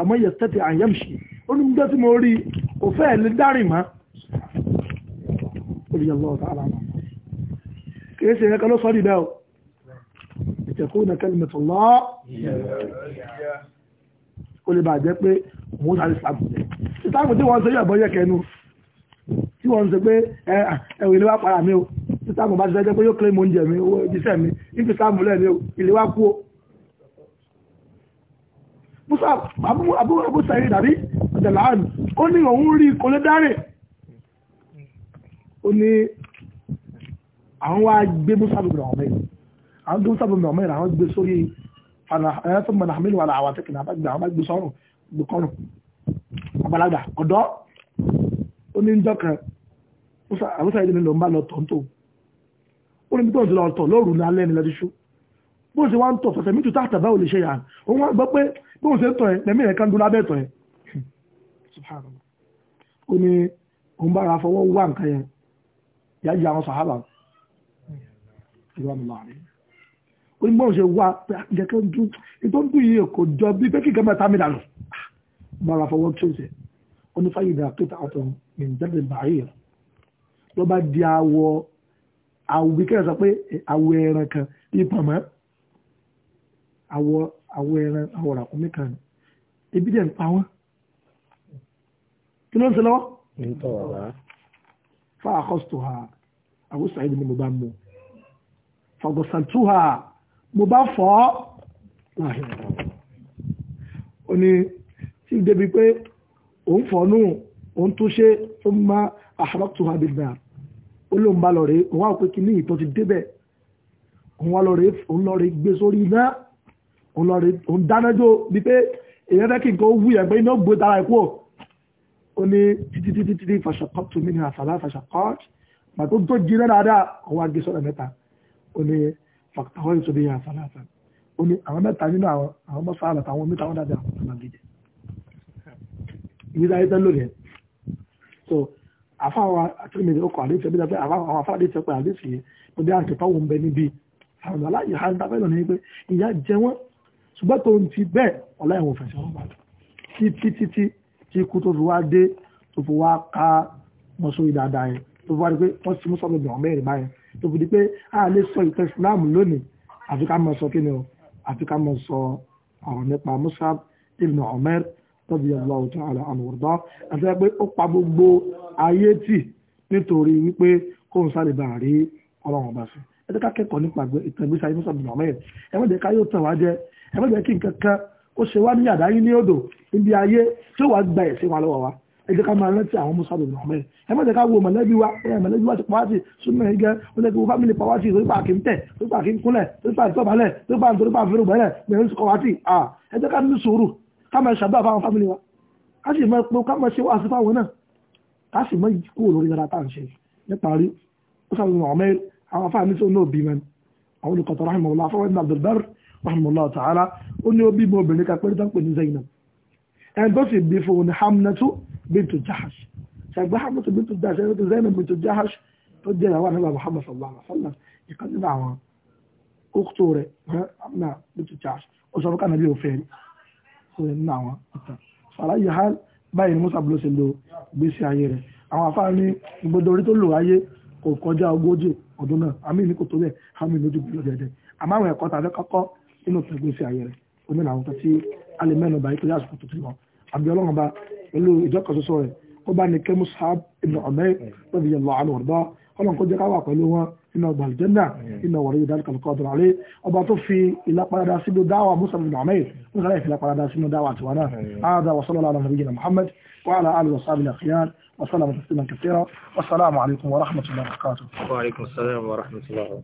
أما يستطيع أن يمشي قل لهم دات موري وفعل الداري ما قل يا الله تعالى ما كيف هيك لو صار يداو لتكون كلمة الله قل بعد ذلك wọ́n sáré sàbùjẹ́ ìtàkù tí wọ́n ń ṣe yọ̀ bọ́yẹ̀ kẹnu tí wọ́n ń ṣe pé ẹ̀wọ̀n ilé wa para mi o títàkù bá ti sẹ́jẹ́ pé yóò kílẹ̀ mọ́ oúnjẹ mi owó ìbísẹ̀ mi níbi sáàmù lẹ́ mi o ilé wa kú o. musa abu sẹ́yìn dàbí ọ̀dẹ̀lá àmì ó ní òun rí kọlé dárè ó ní àwọn wa gbé musa bìbìrì ọ̀mọ́ yìí àwọn gbé musa bìbìrì ọ̀mọ́ yìí àwọn gbé sórí ẹ̀ẹ́sọ̀ mọ̀nàmílì wà láwọn gbùkọ́rọ̀ àgbàlagbà ọ̀dọ́ ó ní ìjọ kan àwùsá ìdílé ló ń bá lọ tọ̀ ń tò ó ní bí tóun ti lọ tọ̀ lóru ní alẹ́ ní lọ́dúnṣú bó ṣe wá ń tọ̀ fẹsẹ̀ mítù táàtà báwo lè ṣe yà òun wá gbọ́ pé bóun ṣe ń tọ̀ yẹn lẹ́mí rẹ̀ kan dún lábẹ́ tọ̀ yẹn ó ní òun bára fọwọ́ wá nǹkan yẹn yà á jẹ àwọn sàhábà ìwà mi láàrin ó ní bóun ṣe wá pé àjẹkẹ́ ń dún ètò ń dún yìí kò jọ bí pé kíkẹ́ bára fọwọ́ tírèsẹ̀ ó ní fáyìí dà pété àtọ̀hún ìjẹ́lẹ̀ bàáyìí ló bá di awọ àwùbí kẹ́rẹ̀ sọ pé eh, awọ ẹran kan ipò mọ́ awọ awọ ẹran awọ ràkúnmí kan ebi dẹ̀ ń pa wọ́n kí ló ń ṣe lọ́wọ́. fa àkọ́sùtò ha àwọn sàyẹ̀dì ni mo bá mú fàgọ̀sàtú ha mo bá fọ́ ọ́ ó ní tí débi pé òun fọ̀nù òun tó ṣe ó má àhàrọ́tù àbíbà ó lóun bá lọ́ọ̀rẹ́ òun wá òpin kìíní ìtọ́ ti débẹ̀ òun wá lọ́ọ̀rẹ́ òun lọ́ọ̀rẹ́ gbé sórí iná òun lọ́ọ̀rẹ́ òun dánájọ́ bí pé èèyàn fẹ́ kí nǹkan ó wú yẹn pé iná gbé tara ẹ̀kú ọ̀ ó ní títí títí títí fàṣàkọ́ tó mí ní àfàlà fàṣàkọ́ màtó tó jiná dáadáa òun wá gé sọ́dọ̀ mẹ́ta ó ní fàkàtàwọ́ ìṣòdì àfàlà àfàlà ó ní àwọn mẹ́ta nínú àwọn mọ́sálà àtàwọn mẹ́ta wọn dáadáa àwọn àgbèjẹ ìgbésí ayé tán so àfáwọn àtúrìmìtì ọkọ̀ àdéhùn ṣe bí wọ́n fẹ́ àwọn afá àdéhùn ṣe pé àdéhùn ṣe mo bí àti táwọn ń bẹ níbi àwọn aláyè ha ń dábẹ́ lọ́nà ni pé ìyá jẹ wọ́n ṣùgbọ́n tó ń ti bẹ́ẹ̀ ọ̀la ẹ̀wọ̀n fẹ̀sẹ̀ wọn bàdàn títí títí tí ikú tó fi wá dé tó fi wá ká mọ́sórí dáadáa yẹn tó fi wá di pé wọ́n ti mú sọ́dọ̀ bẹ̀rẹ̀ mẹ́rin báyẹn tó fi di pé a lè sọ ìtẹ́ Islam lónìí àfi ká mọ̀ sọ kí ni o àfi ká mọ̀ sọ ọ̀rọ̀ tọ́bi ọlọ́run tí àlà àmì ọ̀dọ́ àti pé ó pa gbogbo ayé tì nítorí wípé kó n sáré bá rí ọlọ́run ọba sí ẹ jẹ́ ká kẹ́kọ̀ọ́ nípa ìtẹ̀gbésí ayé mọ́sàbí mohammed ẹ má ká yóò tàn wá jẹ ẹ má kí nǹkan kan ó ṣe wá ní àdáyé ní odò níbi ayé tí ó wàá gba ẹ̀sìn wa lọ́wọ́ wa ẹ jẹ́ ká máa rántí àwọn mọ́sàbí mohammed ẹ má ká wo mọ̀lẹ́bí wa ẹ mọ̀lẹ́bí wa ti pa wá sí súnmọ́ ẹgẹ́ ó lẹ́gbẹ̀ẹ́ wo fámìlì pa wá sí torípa kì ń tẹ̀ torípa kì ń kúnlẹ̀ torípa ìtọ́balẹ̀ torípa ìtọ́balẹ̀ torípa ìfẹ́rùbẹ̀rẹ̀ mẹ́rin sọ̀kọ̀ wá sí ẹ jẹ́ ká ní sùúrù ká máa ṣàdúrà fáwọn fámìlì wa ká sì máa pé ká máa ṣe wáàsí fáwọn náà ká sì máa kú lórí dára tá à ń ṣe nípa rí ó sàbẹ̀wò àwọn mẹ́rin àwọn afáàní tó náà bí mẹ́rin àwọn olùkọ̀tọ̀ rahimahullah afọwọ́ ibn abdulbar rahimahullah ta'ala ó ní ó bí mo obìnrin kan pé tó ń pè ní zainab ẹni tó sì bí fún hamnatu bintu jahash ṣàgbé hamnatu bintu jahash ẹni sọ fún kànáà òfin sórí nínú àwọn ìtàn sàlàyé ha báyìí ni Musa bulo ṣe lo gbèsè ayé rẹ̀ àwọn afárá ní gbogbo orí tó lò ayé kò kọjá ogójì ọdún náà àmì ní kò tó bẹ́ẹ̀ àmì lójú gbogbo dẹ̀dẹ̀ àmọ́ àwọn ẹ̀kọ́ tàbí kọ́kọ́ nínú ìtàn gbèsè ayé rẹ̀ omi làwọn tó ti alẹ́ mẹ́nu tó yàtọ̀ àbí ọlọ́run pẹ̀lú ìjọkọ̀sọsọ rẹ̀ ó bá ní kẹ́ Mus'ab ibn Umair iná ọgbà àlùjẹ́nà iná wọ̀rẹ́ yìí dáríkà lọ́kọ́ ọ̀dọ̀rọ̀ àlẹ́ ọba tó fi ìlápadà sínú dáwà musa bin ahmed ń sáré fi ìlápadà